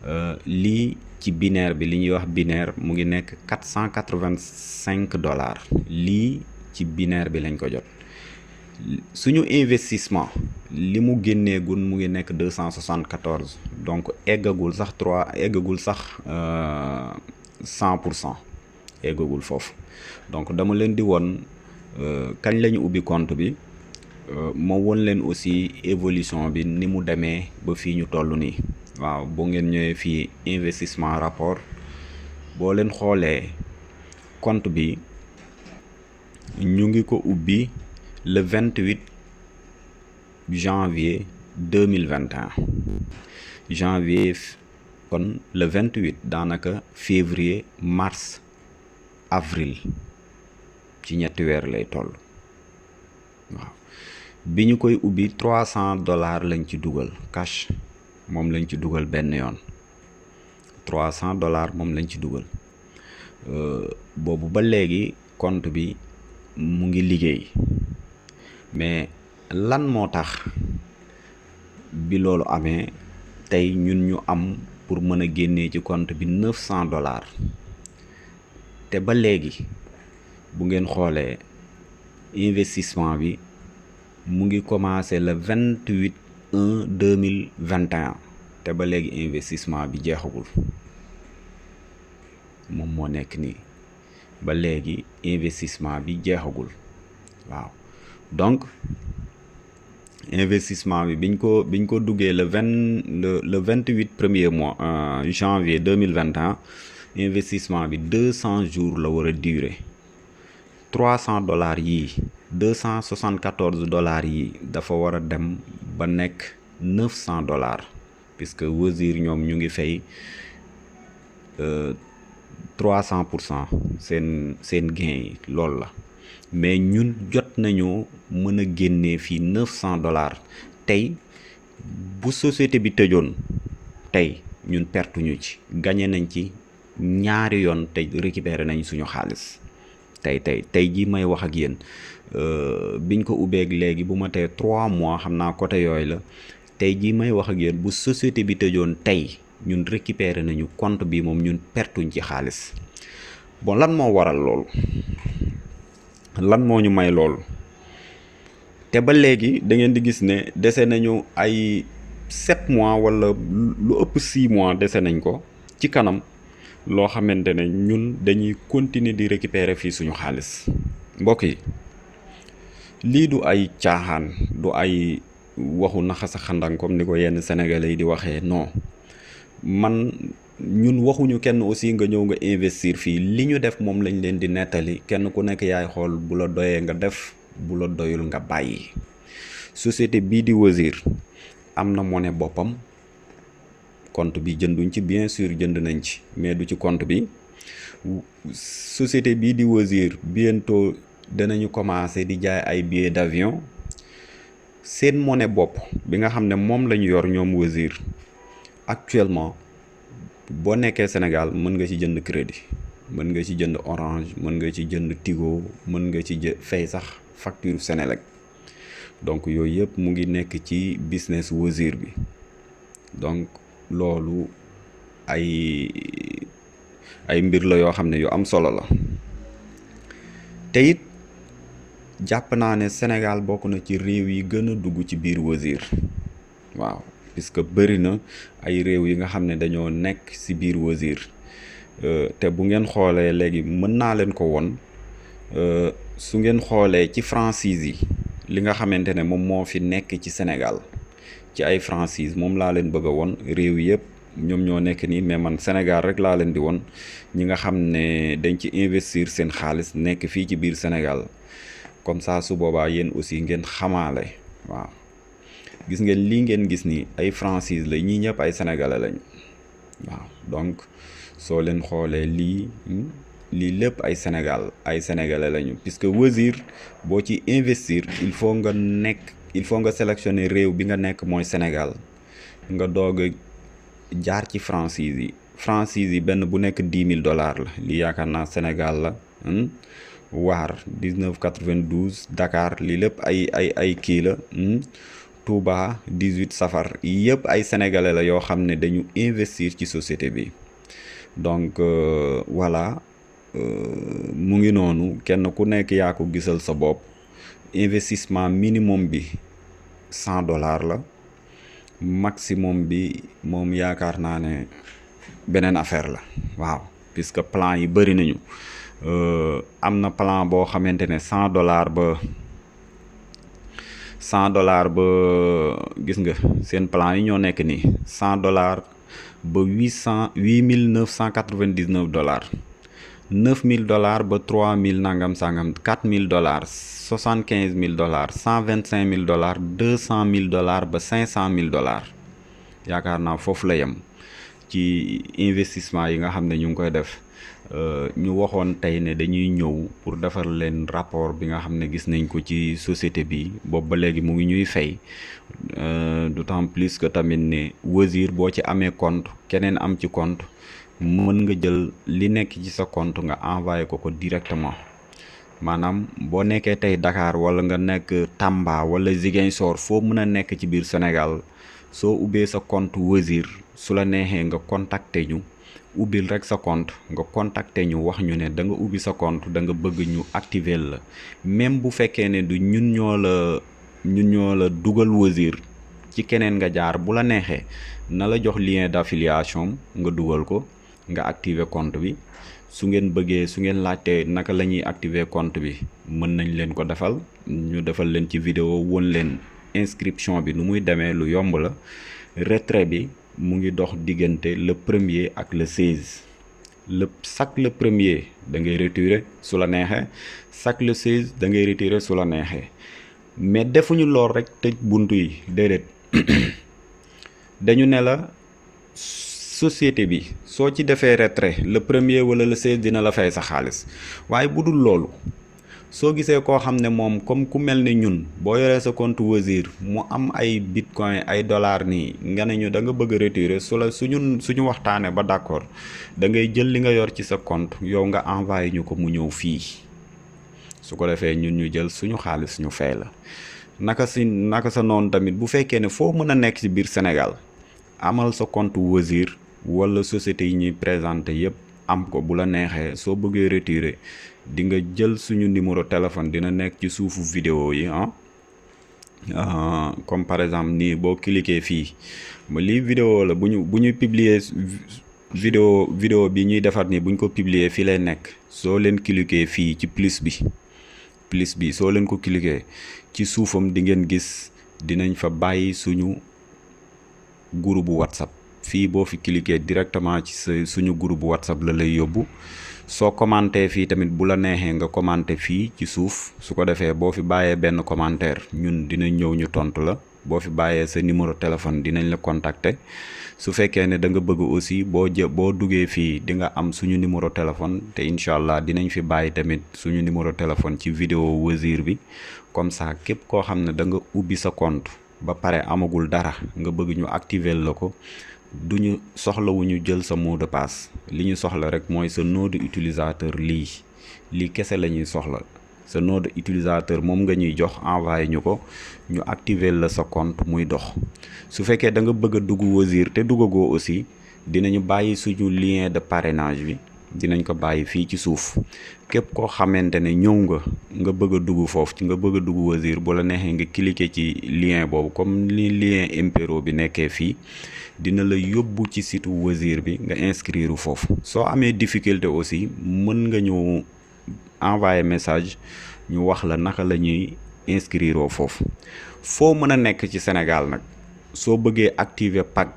Euh, lii ci binaire bi li ñuy wax binaire mu ngi nekk quatre cent quatre vingt cinq dollars lii ci binaire bi lañ ko jot suñu investissement li mu génnee gun mu ngi nekk deux cent soixante quatorze donc eggagul sax trois eggagul sax euh, cent pour cent eggagul foofu donc dama leen di woon euh, kañ lañu ubbi kont bi ma won leen aussi évolution bi ni mu demee ba fii ñu toll nii. waaw boo ngeen ñëwee fii investissement rapport boo leen xoolee compte bi ñu ngi ko ubbi le vingt huit janvier deux mille vingt un janvier kon le vingt huit daanaka février mars avril ci ñetti weer lay toll waaw bi ñu koy ubbi trois cent dollars lañ ci dugal cash. moom lañ ci dugal benn yoon trois cent dollars moom lañ ci dugal euh, boobu ba léegi compte bi mu ngi liggéey mais lan moo tax bi loolu amee tey ñun ñu am pour mën a génnee ci compte bi neuf cent dollars te ba léegi bu ngeen xoolee investissement bi mu ngi commencé le vingt huit un mille vingt et te ba léegi investissement bi jeexagul moom moo nekk nii ba léegi investissement bi jeexagul waaw donc investissement bi biñ ko biñ ko duggee le vingt le le vingt huit premier mois euh, janvier deux mille vingt et un investissement bi deux cent jours la war a durer. trois cent dollars yii deux cent soixante quatorze dollars yi dafa war a dem ba nekk neuf cent dollars puisque Wozur ñoom ñu ngi fay euh, trois cent pour cent seen seen gain yi loolu la mais ñun jot nañoo mën a génnee fii neuf cent dollars tey bu société bi tëjoon tey ñun pertuñu ci gagné nañ ci ñaari yoon te récupéré nañ suñu xaalis tey tey tey jii may wax ak yéen euh, biñ ko ubbeeg léegi bu ma tee trois mois xam naa côté yooyu la tey jii may wax ak yéen bu société bi tëjoon tey ñun récupérer nañu compte bi moom ñun pertuñ ci xaalis bo lan moo waral lool lan moo ñu may loolu te ba léegi da ngeen di gis ne dese nañu ay sept mois walla lu ëpp six mois dese nañ ko ci kanam loo xamante ne ñun dañuy continuer di récupérer fii suñu xaalis mbokk yi lii du ay caaxaan du ay waxu naxasa xandang comme ni ko yenn sénégalais yi di waxee non man ñun waxuñu kenn aussi nga ñëw nga investir fii li ñu def moom lañ leen di nettali kenn ku nekk yaay xool bu la doyee nga def bula doyul nga bàyyi société bii di Wozur am na monnaie boppam compte bi jënduñ ci bien sûr jënd nañ ci mais du ci compte bi société bii di Wizz bientôt danañu commencer di jaay ay billets d'avion seen monnaie bopp bi nga xam ne moom lañu yor ñoom Wizz actuellement boo nekkee Sénégal mën nga ci jënd crédit mën nga ci jënd orange mën nga ci jënd tigo mën nga ci jë sax facture Senelec donc yooyu yëpp mu ngi nekk ci business Wizz bi donc loolu ay ay mbir la yoo xam ne yu am solo la te it jàpp naa ne Sénégal bokk na ci réew yi gën a dugg ci biir wasir waaw puisque bëri na ay réew yi nga xam ne dañoo nekk si biir wasir euh, te bu ngeen xoolee léegi mën naa leen ko won euh, su ngeen xoolee ci franchise yi li nga xamante ne moom moo fi nekk ci senegal ci ay franchise moom laa leen bëgg woon réew yëpp ñoom ñoo nekk nii mais man Sénégal rek laa leen di woon ñi nga xam ne dañ ci investir seen xaalis nekk fii ci biir Sénégal comme saa su boobaa yéen aussi ngeen xamaale waaw gis ngeen lii ngeen gis nii ay franchise la ñii ñëpp ay sénégalais lañ waaw donc soo leen xoolee lii hmm, lii lépp ay Sénégal ay sénégalais lañu puisque wasir boo ci investir il faut nga nekk. il faut nga sélectionner réew bi nga nekk mooy senegal nga doog a jaar ci franchise yi franchise yi benn bu nekk dix mille dollars la li yaakaar naa senegal la hmm? waar dix neuf quatre vingt lii lépp ay ay ay kii la hmm? Touba dix huit safar yëpp ay sénégalais la yoo xam ne dañu investir ci société bi donc euh, voilà euh, mu ngi noonu kenn ku nekk yaa ko gisal sa bopp. investissement minimum bi cent dollars la maximum bi moom yaakaar naa ne beneen affaire la waaw puisque plan yi bëri nañu euh, am na plan boo xamante ne cent dollars ba cent dollars ba gis nga seen plan yi ñoo nekk nii cent dollars ba huit cent huit mille neuf cent quatre-vingt-dix-neuf dollars neuf mille dollars ba trois mille nangam sangam quatre mille dollars soixante quinze mille dollars cent vingt cinq mille dollars deux cent mille dollars ba cinq cent mil dollars yaakaar naa foofu la yem ci investissement yi nga xam ne ñu ngi koy def euh, ñu waxoon tey ne dañuy ñëw pour defar leen rapport bi nga xam ne gis nañ ko ci société bi boobu ba léegi mu ngi ñuy fay euh, temps plus que tamit ne Wozur boo ci amee compte keneen am ci compte. mën nga jël li nekk ci sa compte nga envoyé ko ko directement maanaam boo nekkee tey Dakar wala nga nekk Tamba wala Ziguinchor foo mën a nekk ci biir Sénégal soo ubbee sa compte Wazir su la neexee nga contacter ñu ubbil rek sa compte nga contacter ñu wax ñu ne da nga ubbi sa compte da nga bëgg ñu activer la même bu fekkee ne du ñun ñoo la ñun ñoo la dugal Wazir ci keneen nga jaar bu la neexee na la jox lien d'affiliation nga dugal ko nga activer compte bi su ngeen bëggee su ngeen laajtee naka lañuy activer compte bi mën nañ leen ko defal ñu defal leen ci vidéo won leen inscription bi nu muy demee lu yomb la retrait bi mu ngi dox diggante le premier ak le 16 le chaque le premier da ngay retirer su la neexee chaque le 16 da ngay retirer su la neexee mais defuñu lool rek tëj bunt yi déedéet [coughs] dañu ne la. société bi soo ci defee retrait le premier wala le seize dina la fay sa xaalis waaye bu dul loolu soo gisee koo xam ne moom comme ku mel ni ñun boo yoree sa compte Wazir mu am ay bitcoin ay dollar nii nga ne ñu da nga bëgg a retirer su la suñu suñu waxtaanee ba d'accord da ngay jël li nga yor ci sa compte yow nga envoyé ñu ko mu ñëw fii su ko defee ñun ñu jël suñu xaalis ñu fay la naka si naka sa noonu tamit bu fekkee ne foo mën a nekk ci biir Sénégal wala société yi ñuy présenté yépp am ko bu la neexee soo bëggee retirer di nga jël suñu numéro téléphone dina nekk ci suufu vidéo yi ah, ah comme par exemple nii boo cliquer fii ma lii vidéo la bu ñu bu ñu publier vidéo vidéo bi ñuy defar nii buñ ko publier fii lay nekk soo leen cliquer fii ci plus bi plus bi soo leen ko cliquer ci suufam di ngeen gis dinañ fa bàyyi suñu groupe bu WhatsApp fii boo fi cliquer directement ci sa suñu groupe WhatsApp la lay yóbbu soo commenté fii tamit bu la neexee nga commenté fii ci suuf su ko defee boo fi bàyyee benn commentaire ñun dina ñëw ñu tontu la boo fi bàyyee sa numéro téléphone dinañ la contacter su fekkee ne da nga bëgg aussi boo jë boo duggee fii di nga am suñu numéro téléphone te incha allah dinañ fi bàyyi tamit suñu numéro téléphone ci vidéo Wazir bi comme ça képp koo xam ne da nga ubbi sa compte ba pare amagul dara nga bëgg ñu activer la ko du duñu soxlawuñu jël sa mot de passe li ñu soxla rek mooy sa nom utilisateur lii lii kese la ñuy soxla sa nom utilisateur moom nga ñuy jox envoyé ñu ko ñu activer la sa compte muy dox su fekkee da nga bëgg a dugg Wozur te duggagoo aussi dinañu bàyyi suñu lien de parrainage bi dinañ ko bàyyi fii ci suuf képp koo xamante ne ñëw nga nga bëgg dugg foofu ci nga bëgg a dugg Wazir bu neexee nga cliquer ci lien boobu comme li lien impero bi nekkee fii dina la yóbbu ci site Wazir bi nga inscrire foofu soo amee difficulté aussi mën nga ñëw envoyé message ñu wax la naka la ñuy inscrire foofu foo mën a nekk ci senegal nag soo bëggee activer pack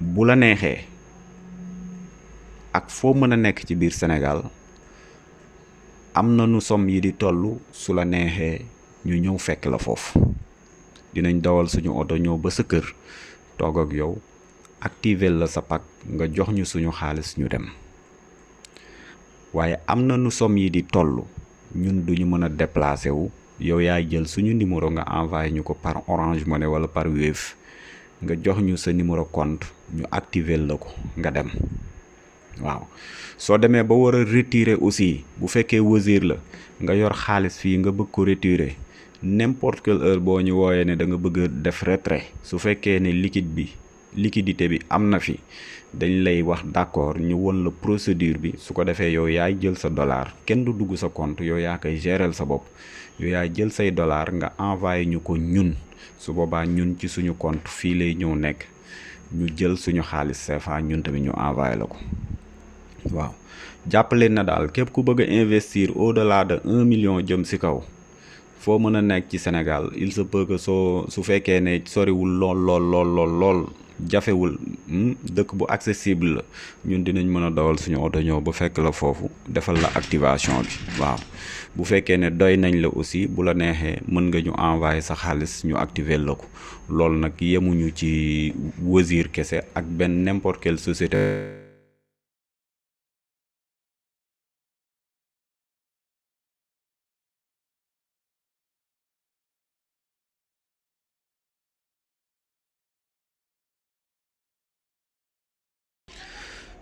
bu la neexee ak foo mën a nekk ci biir senegal am na nu somm yi di tollu su la neexee ñu ñëw fekk la foofu dinañ dawal suñu oto ñëw ba sa kër toog ak yow activel la sa pack nga jox ñu suñu xaalis ñu dem waaye am na nu somm yi di tollu ñun duñu mën a déplacé wu yow yaay jël suñu numéro nga envoyé ñu ko par Orange Money wala par Wave nga jox ñu sa numéro compte ñu activer la ko nga dem waaw soo demee ba war a aussi bu fekkee Wazir la nga yor xaalis fii nga bëgg ko retirer n'importe quelle heure boo ñu wooyee ne da nga bëgg def retrait su fekkee ne liquide bi liquidité bi am na fi dañ lay wax d'accord ñu won la procédure bi su ko defee yow yaay jël sa dollar kenn du dugg sa compte yow yaa koy gérer sa bopp yow yaay jël say dollar nga envoyé ñu ko ñun su boobaa ñun ci suñu compte fii lay ñëw nekk ñu jël suñu xaalis CFA ñun tamit ñu envoyé la ko. waaw jàppale na daal képp ku bëgg a investir au delà de un million jëm si kaw foo mën a nekk ci senegal il sa peut soo su fekkee ne soriwul lool lool lool jafewul hmm, dëkk bu accessible la ñun dinañ mën a dawal suñu oto ñëw ba fekk la foofu defal la activation bi waaw bu fekkee ne doy nañ la aussi bu la neexee mën nga ñu envoyer sa xaalis ñu activer la ko loolu nag yemuñu ci Wozur kese ak benn n'importe quelle société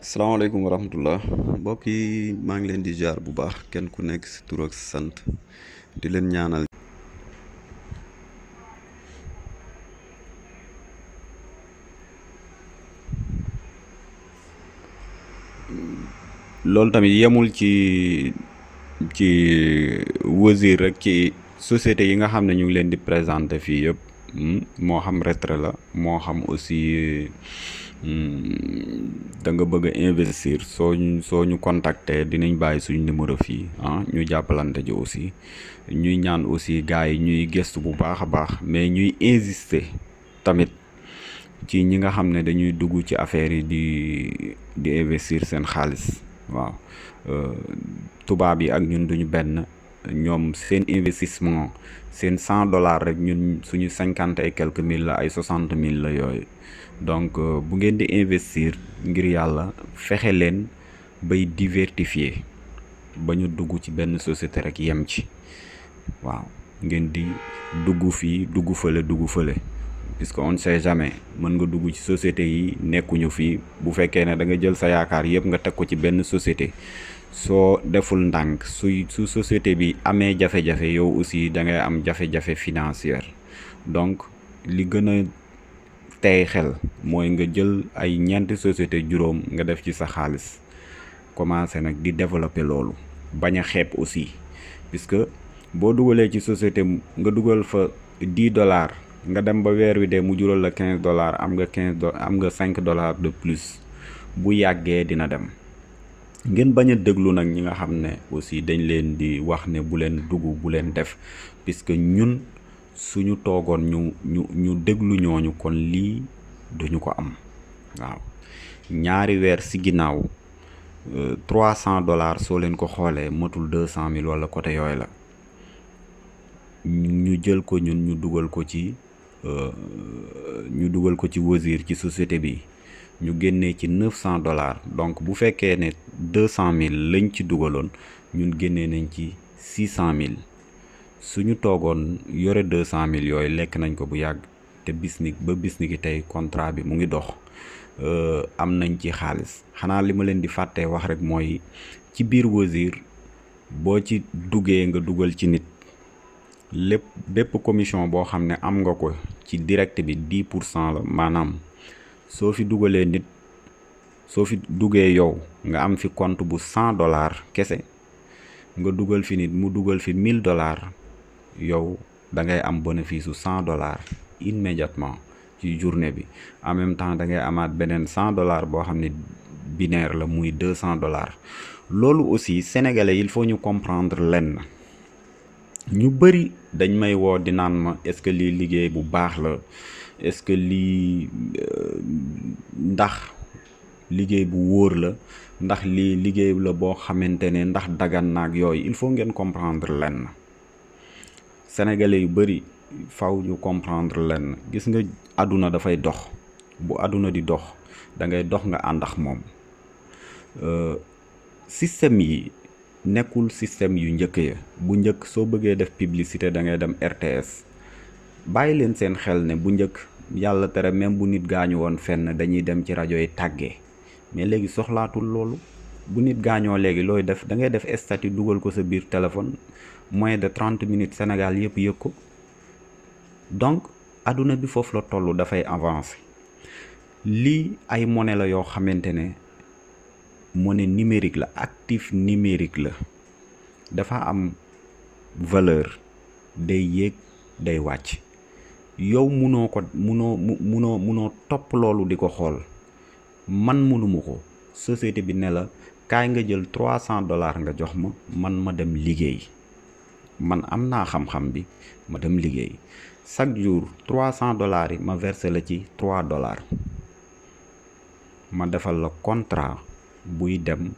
salaamaaleykum wa rahmatullah mbokk yi maa ngi leen di jaar bu baax kenn ku nekk si tur ak sant di leen ñaanal loolu tamit yemul ci ci Wozur rek ci société yi nga xam ne ñu ngi leen di présenté fii yëpp hmm? moo xam retrait la moo xam aussi da nga bëgg investir soo ñu soo ñu contacter dinañ bàyyi suñu numéro fii ah ñu jàppalante ji aussi ñuy ñaan aussi gars yi ñuy gëstu bu baax a baax mais ñuy insister tamit ci ñi nga xam ne dañuy dugg ci affaire yi di di investir seen xaalis waaw euh, tubaab yi ak ñun duñu benn ñoom seen investissement seen cent dollars rek ñun suñu cinquante ay quelques mille ay soixante mille la yooyu. donc euh, bu ngeen di investir ngir yàlla fexe leen bay diversifier ba ñu dugg ci benn société rek yem ci waaw ngeen di dugg fii dugg fële dugg fële puisque on ne jamais mën nga dugg ci société yi nekkuñu fii bu fekkee ne da jël sa yaakaar yëpp nga teg ko ci benn société soo deful ndànk suy su société bi amee jafe-jafe yow aussi da ngay am jafe-jafe financière donc li gën tey xel mooy nga jël ay ñeenti société juróom nga def ci sa xaalis commencé nag di développer loolu bañ a xeeb aussi puisque boo dugalee ci société nga dugal fa 10 dollars nga dem ba weer wi de mu jural la 15 dollars am nga 15 do am nga 5 dollars de plus bu yàggee dina dem ngeen bañ a déglu nag ñi nga xam ne aussi dañ leen di wax ne bu leen dugg bu leen def puisque ñun. suñu toogoon ñu ñu ñu déglu ñooñu kon lii duñu ko am waaw ñaari weer ci ginnaaw euh, trois cent dollars soo leen ko xoolee matul deux cent mille wala côté yooyu la ñu jël ko ñun ñu dugal ko ci euh, ñu dugal ko ci Wozur ci société bi ñu génnee ci neuf cent dollars donc bu fekkee ne deux cent mille lañ ci dugaloon ñun génnee nañ ci six cent mille suñu toogoon yore deux cent mille yooyu lekk nañ ko bu yàgg te bis ba bis tey contrat bi mu ngi dox euh, am nañ ci xaalis xanaa li ma leen di fàttee wax rek mooy ci biir Wozur boo ci duggee nga dugal ci nit lépp bépp commission boo xam ne am nga ko ci direct bi dix pour cent la maanaam soo fi dugalee nit soo fi duggee yow nga am fi compte bu cent dollars kese nga dugal fi nit mu dugal fi mille dollars yow da ngay am bénéfice su cent dollars immédiatement ci journée bi en même temps da ngay amaat beneen cent dollars boo xam ne binaire la muy deux cent dollars loolu aussi sénégalais il faut ñu comprendre lenn ñu bëri dañ may woo di naan ma est-ce que lii liggéey bu baax la est-ce que lii euh, ndax liggéey bu wóor la ndax lii liggéey la boo xamante ne ndax dagan naag yooyu il faut ngeen comprendre lenn. sénégalais yu bëri faw ñu comprendre lenn gis nga àdduna dafay dox bu àdduna di dox da ngay dox nga àndax ak moom euh, système yi nekkul système yu njëkk ya bu njëkk soo bëggee def publicité da ngay dem RTS bàyyi leen seen xel ne bu njëkk yàlla tere même bu nit gaañu woon fenn dañuy dem ci rajo yi tàggee mais léegi soxlaatul loolu bu nit gaañoo léegi looy def da ngay def statut dugal ko sa biir téléphone moins de trente minutes Sénégal yëpp yëg ko donc adduna bi foofu la toll dafay avancer lii ay mone la yoo xamante ne mone numérique la actif numérique la dafa am valeur day yéeg day wàcc yow munoo ko munoo munoo munoo topp loolu di ko xool man munuma ko société bi ne la kaay nga jël trois cent dollars nga jox ma man ma dem liggéey man am naa xam-xam bi ma dem liggéey chaque jour trois cent dollars yi ma versé la ci trois dollars ma defal la contrat buy dem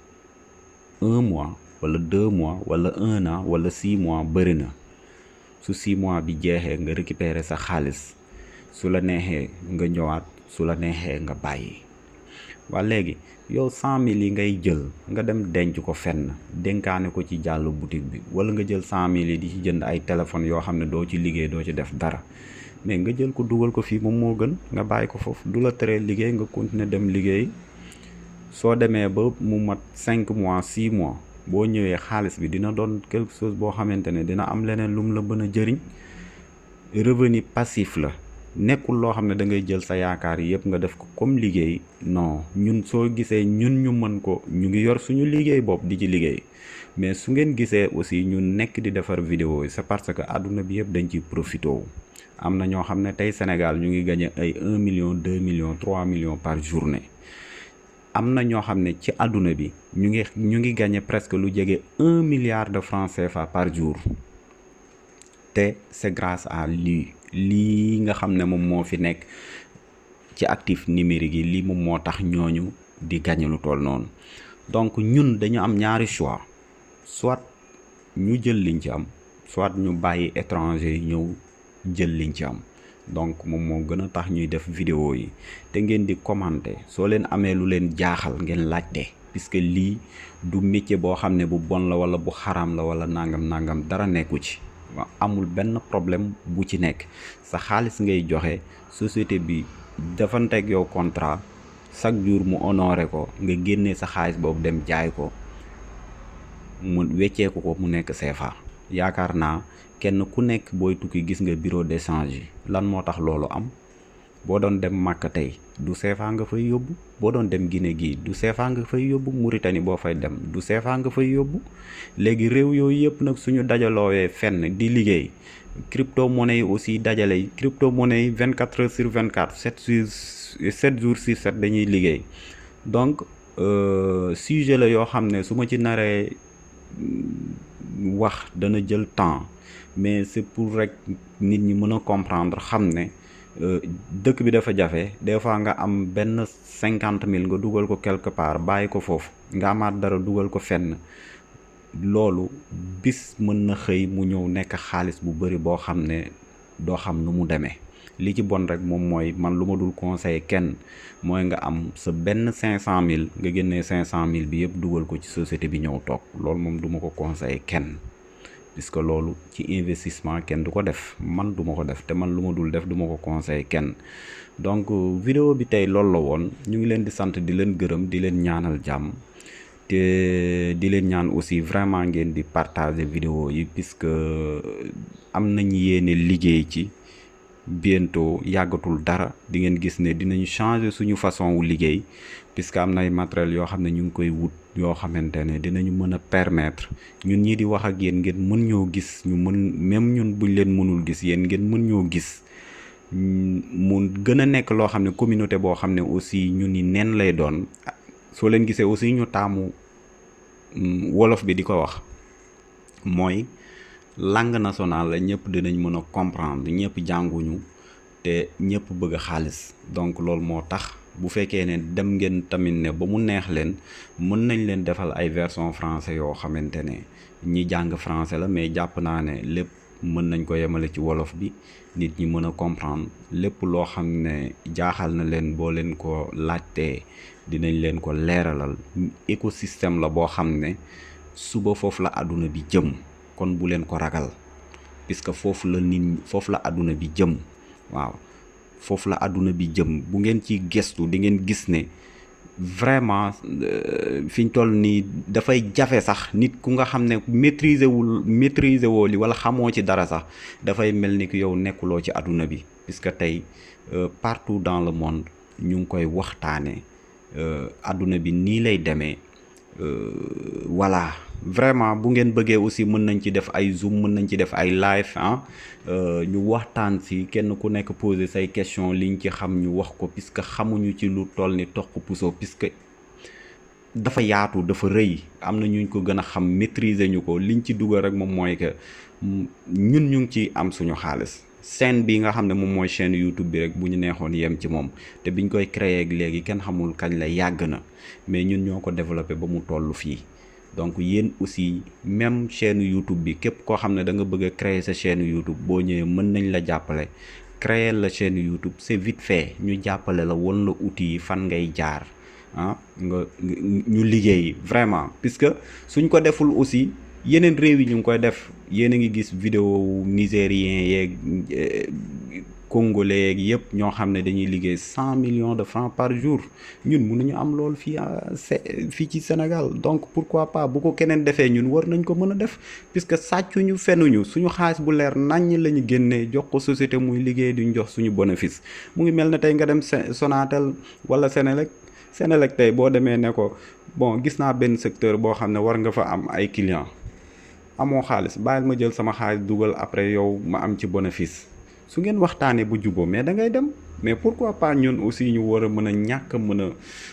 un mois wala deux mois wala un an wala six mois bëri na su six mois bi jeexee nga récupérer sa xaalis su la neexee nga ñëwaat su la neexee nga bàyyi. waa léegi yow cent mille yi ngay jël nga dem denc ko fenn dénkaane ko ci jàll boutique bi wala nga jël cent mille yi di ci jënd ay téléphone yoo xam ne doo ci liggéey doo ci def dara mais nga jël ko dugal ko fii moom moo gën nga bàyyi ko foofu du la tere liggéey nga continuer dem liggéey soo demee ba mu mat cinq mois six mois boo ñëwee xaalis bi dina doon quelque chose boo xamante ne dina am leneen lu mu la mën a jëriñ revenu passif la nekkul loo xam ne da ngay jël sa yaakaar yëpp nga def ko comme liggéey non ñun soo gisee ñun ñu mën ko ñu ngi yor suñu liggéey bopp di ci liggéey mais su ngeen gisee aussi ñu nekk di defar vidéo yi c'est parce que àdduna bi yëpp dañu ciy profité wu am na ñoo xam ne tey Sénégal ñu ngi gagné ay 1 million 2 millions 3 millions par journée am na ñoo xam ne ci àdduna bi ñu ngi ñu ngi gagné presque lu jege 1 milliard de francs CFA par jour te c'est grâce à lui lii nga xam ne moom moo fi nekk ci actif numérique yi lii moom moo tax ñooñu di gagné lu toll noonu donc ñun dañu am ñaari choix soit ñu jël liñ ci am soit ñu bàyyi étranger yi ñëw jël liñ ci am donc moom moo gën a tax ñuy def vidéo yi te ngeen di commenter soo leen amee lu leen jaaxal ngeen laajte puisque lii du métier boo xam ne bu bon la wala bu xaram la wala nangam nangam dara nekku ci amul benn problème bu ci nekk sa xaalis ngay joxe société bi defanteeg yow contrat chaque jour mu honoré ko nga génne sa xaalis boobu dem jaay ko mu wecceeku ko mu nekk CFA yaakaar naa kenn ku nekk booy tukki gis nga bureau de change lan moo tax loolu am boo doon dem màkk tey du CFA nga fay yóbbu boo doon dem gine gii du CFA nga fay yóbbu Mauritanie boo fay dem du CFA nga fay yóbbu léegi réew yooyu yëpp nag suñu dajaloowee fenn di liggéey crypto monnaie yi aussi dajale crypto monnaie yi 24 heures sur 24 7 sur 7 jours sur 7 dañuy liggéey donc euh, sujet la yoo xam ne su ma ci naree mm, wax dana jël temps mais c'est pour rek nit ñi mën a comprendre xam ne. Euh, dëkk bi dafa jafe des fois nga am benn cinquante mille nga dugal ko quelque part bàyyi ko foofu nga amaat dara dugal ko fenn loolu bis mën na xëy mu ñëw nekk xaalis bu bëri boo xam ne doo xam nu mu demee li ci bon rek moom mooy man lu ma dul conseil kenn mooy nga am sa benn cinq cent mille nga génne cinq cent mille bi yëpp dugal ko ci société bi ñëw toog loolu moom duma ko conseil kenn puisque loolu ci investissement kenn du ko def man duma ko def te man lu ma dul def du ma ko conseil kenn donc euh, vidéo bi tey loolu la woon ñu ngi leen di sant di leen gërëm di leen ñaanal jàmm te di leen ñaan aussi vraiment ngeen di partager vidéo yi puisque euh, am nañ yéene liggéey ci bientôt yàggatul dara di ngeen gis ne dinañ changer suñu façon wu liggéey puisque am na ay matériel yoo xam ne ñu ngi koy wut yoo xamante ne dinañu mën a permettre ñun ñii di wax ak yéen ngeen mën ñoo gis ñu mën même ñun buñ leen mënul gis yéen ngeen mën ñoo gis mu gën a nekk loo xam ne communauté boo xam ne aussi ñu ni neen lay doon soo leen gisee aussi ñu taamu mm, wolof bi di ko wax mooy langue nationale la ñëpp dinañ mën a comprendre ñëpp jànguñu te ñëpp bëgg a xaalis donc loolu moo tax bu fekkee ne dem ngeen tamit ne ba mu neex leen mën nañ leen defal ay version français yoo xamante ne ñi jàng français la mais jàpp naa ne lépp mën nañ ko yemale ci wolof bi nit ñi mën a comprendre lépp loo xam ne jaaxal na leen boo leen ko laajtee dinañ leen ko leeralal écosystème la boo xam ne suba foofu la àdduna bi jëm kon bu leen ko ragal puisque foofu la nit foofu la àdduna bi jëm waaw foofu la àdduna bi jëm bu ngeen ci gestu di ngeen gis ne vraiment euh, fiñ toll nii dafay jafe sax nit ku nga xam ne maîtriser wul maîtriser woo li wala xamoo ci dara sax dafay mel ni ki yow nekkuloo ci àdduna bi puisque tey euh, partout dans le monde ñu ngi koy waxtaane euh, àdduna bi nii lay demee voilà vraiment bu ngeen bëggee aussi mën nañ ci def ay zoom mën nañ ci def ay live ah euh, ñu waxtaan si kenn ku nekk poser say question liñ ci xam ñu wax ko puisque xamuñu ci lu toll ni toq puso puisque dafa yaatu dafa rëy am na ñuñ ko gën a xam maîtriser ñu ko liñ ci dugal rek moom mooy que ñun ñu ngi ci am suñu xaalis chaîne bi nga xam ne moom mooy chaîne YouTube bi rek bu ñu neexoon yem ci moom te biñ koy créer ak léegi kenn xamul kañ la yàgg na mais ñun ñoo ko développé ba mu toll fii donc yéen aussi même chaîne YouTube bi képp koo xam ne danga nga bëgg a créer sa chaîne YouTube boo ñëwee mën nañ la jàppale créer la chaîne YouTube c'est vite fait ñu jàppale la woon la outils yi fan ngay jaar ah nga ñu liggéey vraiment puisque suñ ko deful aussi yeneen réew yi ñu ngi koy def yéen a ngi gis vidéo nigérien yeeg eh, congolais yeeg yëpp ñoo xam ne dañuy liggéey cent million de francs par jour ñun ñu am loolu fii fii ci Sénégal donc pourquoi pas bu ko keneen defee ñun war nañ ko mën a def puisque sàccuñu fenuñu suñu xaalis bu leer naññ la ñu génnee jox ko société muy liggéey duñu jox suñu bénéfice mu ngi mel ne tey nga dem Sonatel wala Senelec Senelec tey boo demee ne ko bon gis naa benn secteur boo xam ne war nga fa am ay clients amoo xaalis bàyyil ma jël sama xaalis dugal après yow ma am ci bénéfice su ngeen waxtaanee bu jubo mais da ngay dem mais pourquoi pas ñun aussi ñu war a mën a ñàkk mën a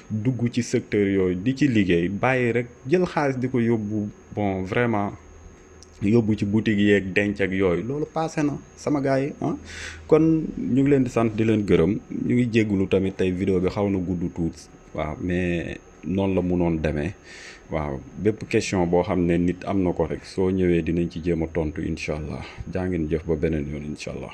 dugg ci secteur yooyu di ci liggéey bàyyi rek jël xaalis di ko yóbbu bon vraiment yóbbu ci boutique yeeg denc ak yooyu loolu passé na sama gars yi ah. kon ñu ngi leen di sant di leen gërëm ñu ngi jéggulu tamit tey video bi xaw na gudd tuut waaw mais noonu la munoon demee waaw bépp question boo xam ne nit am na ko rek soo ñëwee dinañ ci jéem a tontu incha allah jaa ngeen jëf ba beneen yoon incha allah.